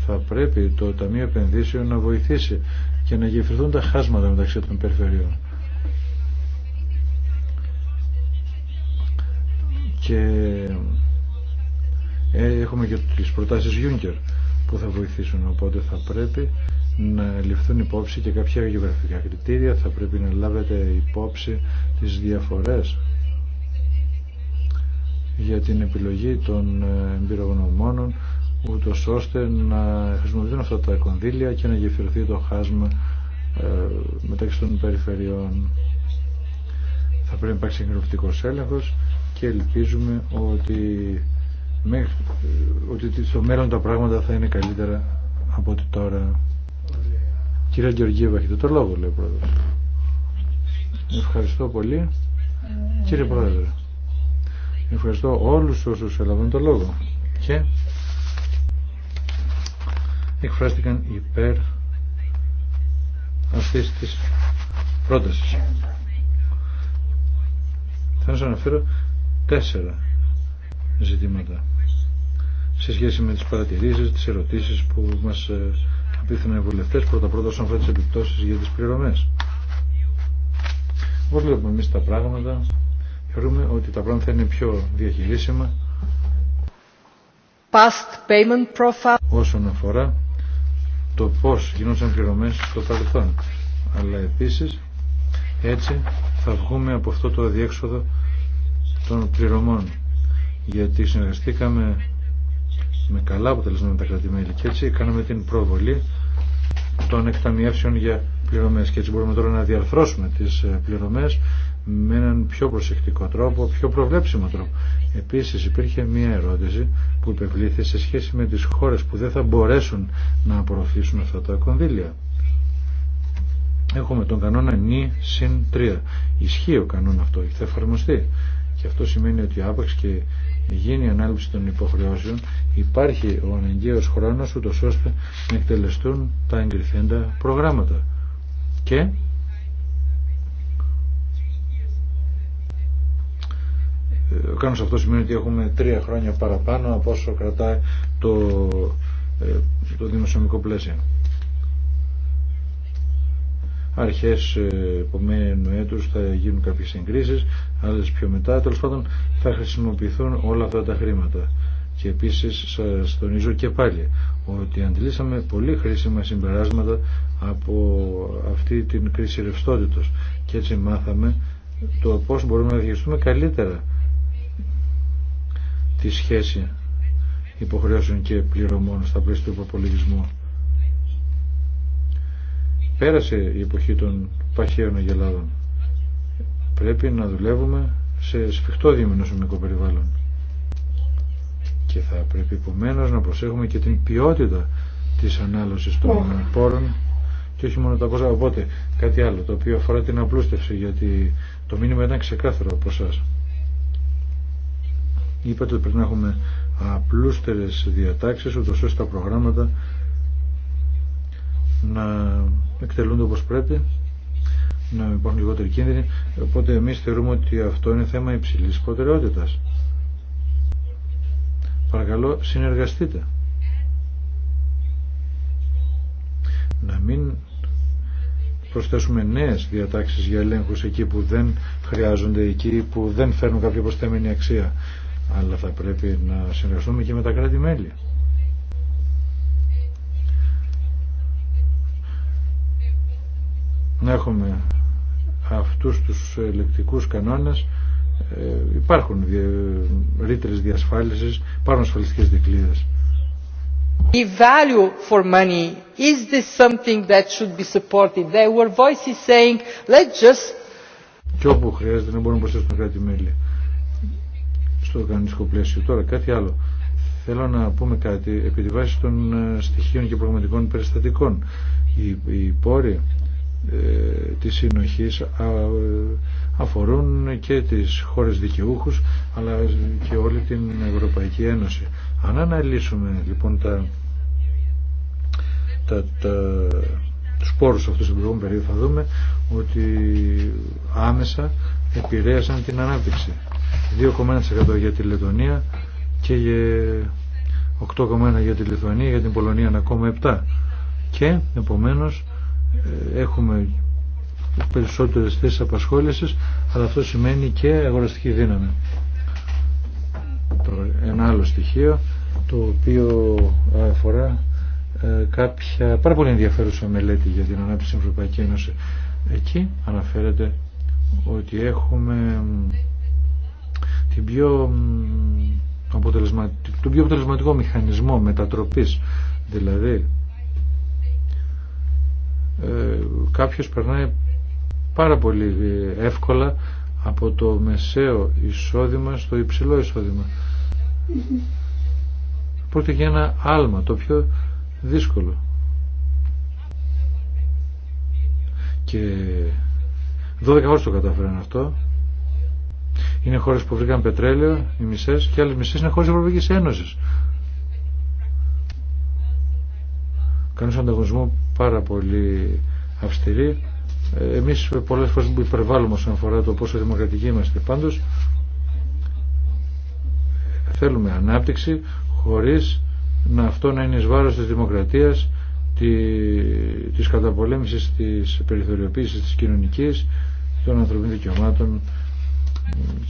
Θα πρέπει το Ταμείο Επενδύσεων να βοηθήσει και να γεφυρθούν τα χάσματα μεταξύ των περιφερειών. Και ε, έχουμε και τις προτάσεις Juncker που θα βοηθήσουν οπότε θα πρέπει να ληφθούν υπόψη και κάποια γεωγραφικά κριτήρια, θα πρέπει να λάβετε υπόψη τις διαφορές για την επιλογή των εμπειρογνωμόνων ούτω ώστε να χρησιμοποιηθούν αυτά τα κονδύλια και να γεφυρωθεί το χάσμα ε, μεταξύ των περιφερειών. Θα πρέπει να υπάρξει εγγραφτικός έλεγχος και ελπίζουμε ότι, ότι στο μέλλον τα πράγματα θα είναι καλύτερα από ότι τώρα. Κύριε Γεωργίευα, έχετε το λόγο, λέει ο πρόεδρο. Ευχαριστώ πολύ. Κύριε Πρόεδρε, ευχαριστώ όλους όσους έλαβαν το λόγο και εκφράστηκαν υπέρ αυτής της πρότασης. Θα σα αναφέρω τέσσερα ζητήματα σε σχέση με τις παρατηρήσεις, τις ερωτήσεις που μας ε, απίθυνα οι βουλευτές πρώτα-πρώτα όσον αφορά τις επιπτώσεις για τις πληρωμές. Όπως βλέπουμε εμείς τα πράγματα, θεωρούμε ότι τα πράγματα είναι πιο διαχειρίσιμα Past payment profile. όσον αφορά το πώς γίνονται πληρωμές στο παρελθόν. Αλλά επίσης έτσι θα βγούμε από αυτό το αδιέξοδο των πληρωμών γιατί συνεργαστήκαμε με καλά αποτελεσμένα τα κρατημέλη και έτσι κάναμε την προβολή των εκταμιεύσεων για πληρωμές και έτσι μπορούμε τώρα να διαρθρώσουμε τις ε, πληρωμές με έναν πιο προσεκτικό τρόπο, πιο προβλέψιμο τρόπο. Επίσης υπήρχε μία ερώτηση που υπευλήθη σε σχέση με τις χώρες που δεν θα μπορέσουν να απορροφήσουν αυτά τα κονδύλια. Έχουμε τον κανόνα νη συν 3. Ισχύει ο κανόνα αυτό, θα εφαρμοστεί. Και αυτό σημαίνει ότι άπαξ και γίνει η ανάληψη των υποχρεώσεων υπάρχει ο αναγκαίος χρόνος ούτως ώστε να εκτελεστούν τα εγκριθέντα προγράμματα. Και ε, κάνω σε αυτό σημαίνει ότι έχουμε τρία χρόνια παραπάνω από όσο κρατάει το, ε, το δημοσιονομικό πλαίσιο. Αρχές ε, επομένου έτους θα γίνουν κάποιες εγκρίσεις άλλε πιο μετά. Τέλο πάντων θα χρησιμοποιηθούν όλα αυτά τα χρήματα. Και επίση σα τονίζω και πάλι ότι αντιλήσαμε πολύ χρήσιμα συμπεράσματα από αυτή την κρίση ρευστότητα. Και έτσι μάθαμε το πώ μπορούμε να διαχειριστούμε καλύτερα τη σχέση υποχρεώσεων και πληρωμών στα πλαίσια του υποπολογισμού. Πέρασε η εποχή των παχαίων αγελάδων. Πρέπει να δουλεύουμε σε σφιχτό διαμηνοσομικό περιβάλλον. Και θα πρέπει επομένω να προσέχουμε και την ποιότητα της ανάλωση των πόρων και όχι μόνο τα κόστα. Οπότε κάτι άλλο το οποίο αφορά την απλούστευση γιατί το μήνυμα ήταν ξεκάθαρο από εσά. Είπατε ότι πρέπει να έχουμε απλούστερες διατάξεις ούτω ώστε τα προγράμματα να εκτελούνται όπω πρέπει να υπάρχουν λιγότεροι κίνδυνοι, οπότε εμεί θεωρούμε ότι αυτό είναι θέμα υψηλή προτεραιότητα. Παρακαλώ, συνεργαστείτε. Να μην προσθέσουμε νέες διατάξεις για ελέγχου εκεί που δεν χρειάζονται, εκεί που δεν φέρνουν κάποια προσθέμενη αξία. Αλλά θα πρέπει να συνεργαστούμε και με τα κράτη-μέλη. να έχουμε αυτούς τους ελεκτικούς κανόνες ε, υπάρχουν ρήτρες διασφάλισης, υπάρχουν ασφαλιστικές δικλείδες. The value for money is this something that should be supported. There were voices saying, let's just... Και όπου χρειάζεται να μπορούμε να προσθέσουμε κάτι μέλη στο κανονιστικό πλαίσιο. Τώρα κάτι άλλο. Θέλω να πούμε κάτι επί τη βάση των ε, στοιχείων και πραγματικών περιστατικών. Οι, οι πόροι ε, της συνοχής αφορούν και τις χώρες δικαιούχους αλλά και όλη την Ευρωπαϊκή Ένωση. Αν αναλύσουμε λοιπόν τα, τα, τα, τους πόρους αυτούς στην προηγούμενη θα δούμε ότι άμεσα επηρέασαν την ανάπτυξη. 2,1% για τη Λετωνία και 8,1% για τη Λιθουανία, για την Πολωνία 1,7% και επομένως ε, έχουμε περισσότερες θέσεις απασχόλησης αλλά αυτό σημαίνει και αγοραστική δύναμη. Ένα άλλο στοιχείο το οποίο αφορά ε, κάποια πάρα πολύ ενδιαφέρουσα μελέτη για την ανάπτυξη της Ευρωπαϊκή Ένωση. Εκεί αναφέρεται ότι έχουμε την πιο αποτελεσματικό, τον πιο αποτελεσματικό μηχανισμό μετατροπής δηλαδή ε, κάποιος περνάει πάρα πολύ εύκολα από το μεσαίο εισόδημα στο υψηλό εισόδημα. Πρόκειται για ένα άλμα, το πιο δύσκολο. Και 12 ώρες το κατάφεραν αυτό. Είναι χώρες που βρήκαν πετρέλαιο, οι μισές, και άλλες μισές είναι χώρες Ευρωπαϊκής Ένωσης. Κανείς ανταγωνισμό πάρα πολύ αυστηρή. Εμείς πολλές φορές που υπερβάλλουμε όσον αφορά το πόσο δημοκρατικοί είμαστε πάντως θέλουμε ανάπτυξη χωρίς να αυτό να είναι εις βάρος της δημοκρατίας της καταπολέμησης της περιθωριοποίησης της κοινωνικής των ανθρωπίνων δικαιωμάτων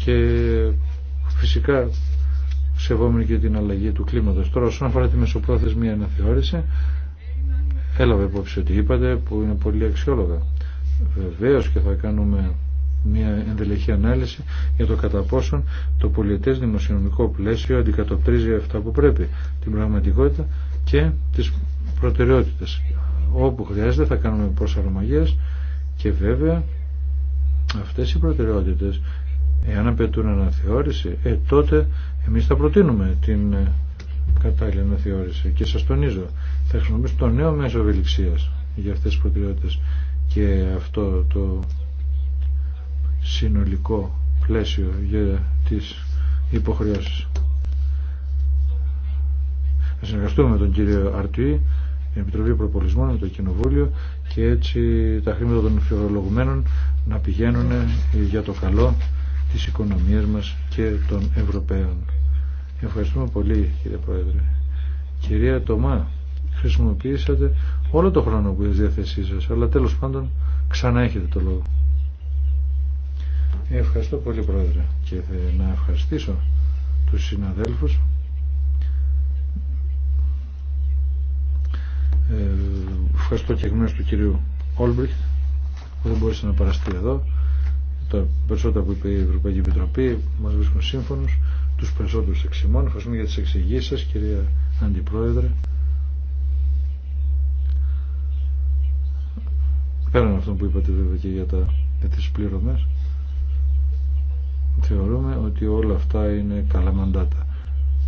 και φυσικά σεβόμενοι και την αλλαγή του κλίματος. Τώρα όσον αφορά τη μεσοπρόθεσμη αναθεώρηση έλαβε υπόψη ότι είπατε που είναι πολύ αξιόλογα. Βεβαίως και θα κάνουμε μια ενδελεχή ανάλυση για το κατά πόσον το πολιτές δημοσιονομικό πλαίσιο αντικατοπτρίζει αυτά που πρέπει, την πραγματικότητα και τις προτεραιότητες. Όπου χρειάζεται θα κάνουμε προσαρμογές και βέβαια αυτές οι προτεραιότητες εάν απαιτούν αναθεώρηση, ε, τότε εμείς θα προτείνουμε την κατάλληλη αναθεώρηση και σας τονίζω θα χρησιμοποιήσω το νέο μέσο ευελιξίας για αυτές τις προτεραιότητε και αυτό το συνολικό πλαίσιο για τις υποχρεώσεις. Θα συνεργαστούμε με τον κύριο Αρτουή, την Επιτροπή Προπολισμών, με το Κοινοβούλιο και έτσι τα χρήματα των φιλολογουμένων να πηγαίνουν για το καλό της οικονομίας μας και των Ευρωπαίων. Ευχαριστούμε πολύ κύριε Πρόεδρε. Κυρία Τομά, χρησιμοποιήσατε όλο το χρόνο που είναι διαθεσή σα, αλλά τέλος πάντων ξανά έχετε το λόγο. Ευχαριστώ πολύ Πρόεδρε και να ευχαριστήσω τους συναδέλφους ε, ευχαριστώ και γνώριση του κυρίου Όλμπριχτ που δεν μπορούσε να παραστεί εδώ τα περισσότερα που είπε η Ευρωπαϊκή Επιτροπή μας βρίσκουν σύμφωνος τους περισσότερους εξημών ευχαριστούμε για τις εξηγήσεις σας κυρία Αντιπρόεδρε Πέραν αυτό που είπατε βέβαια και για, τα, για τις πληρωμές, θεωρούμε ότι όλα αυτά είναι καλά μαντάτα.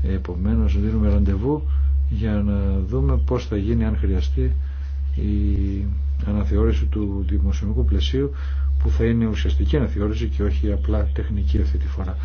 Επομένως δίνουμε ραντεβού για να δούμε πώς θα γίνει αν χρειαστεί η αναθεώρηση του δημοσιονομικού πλαισίου που θα είναι ουσιαστική αναθεώρηση και όχι απλά τεχνική αυτή τη φορά.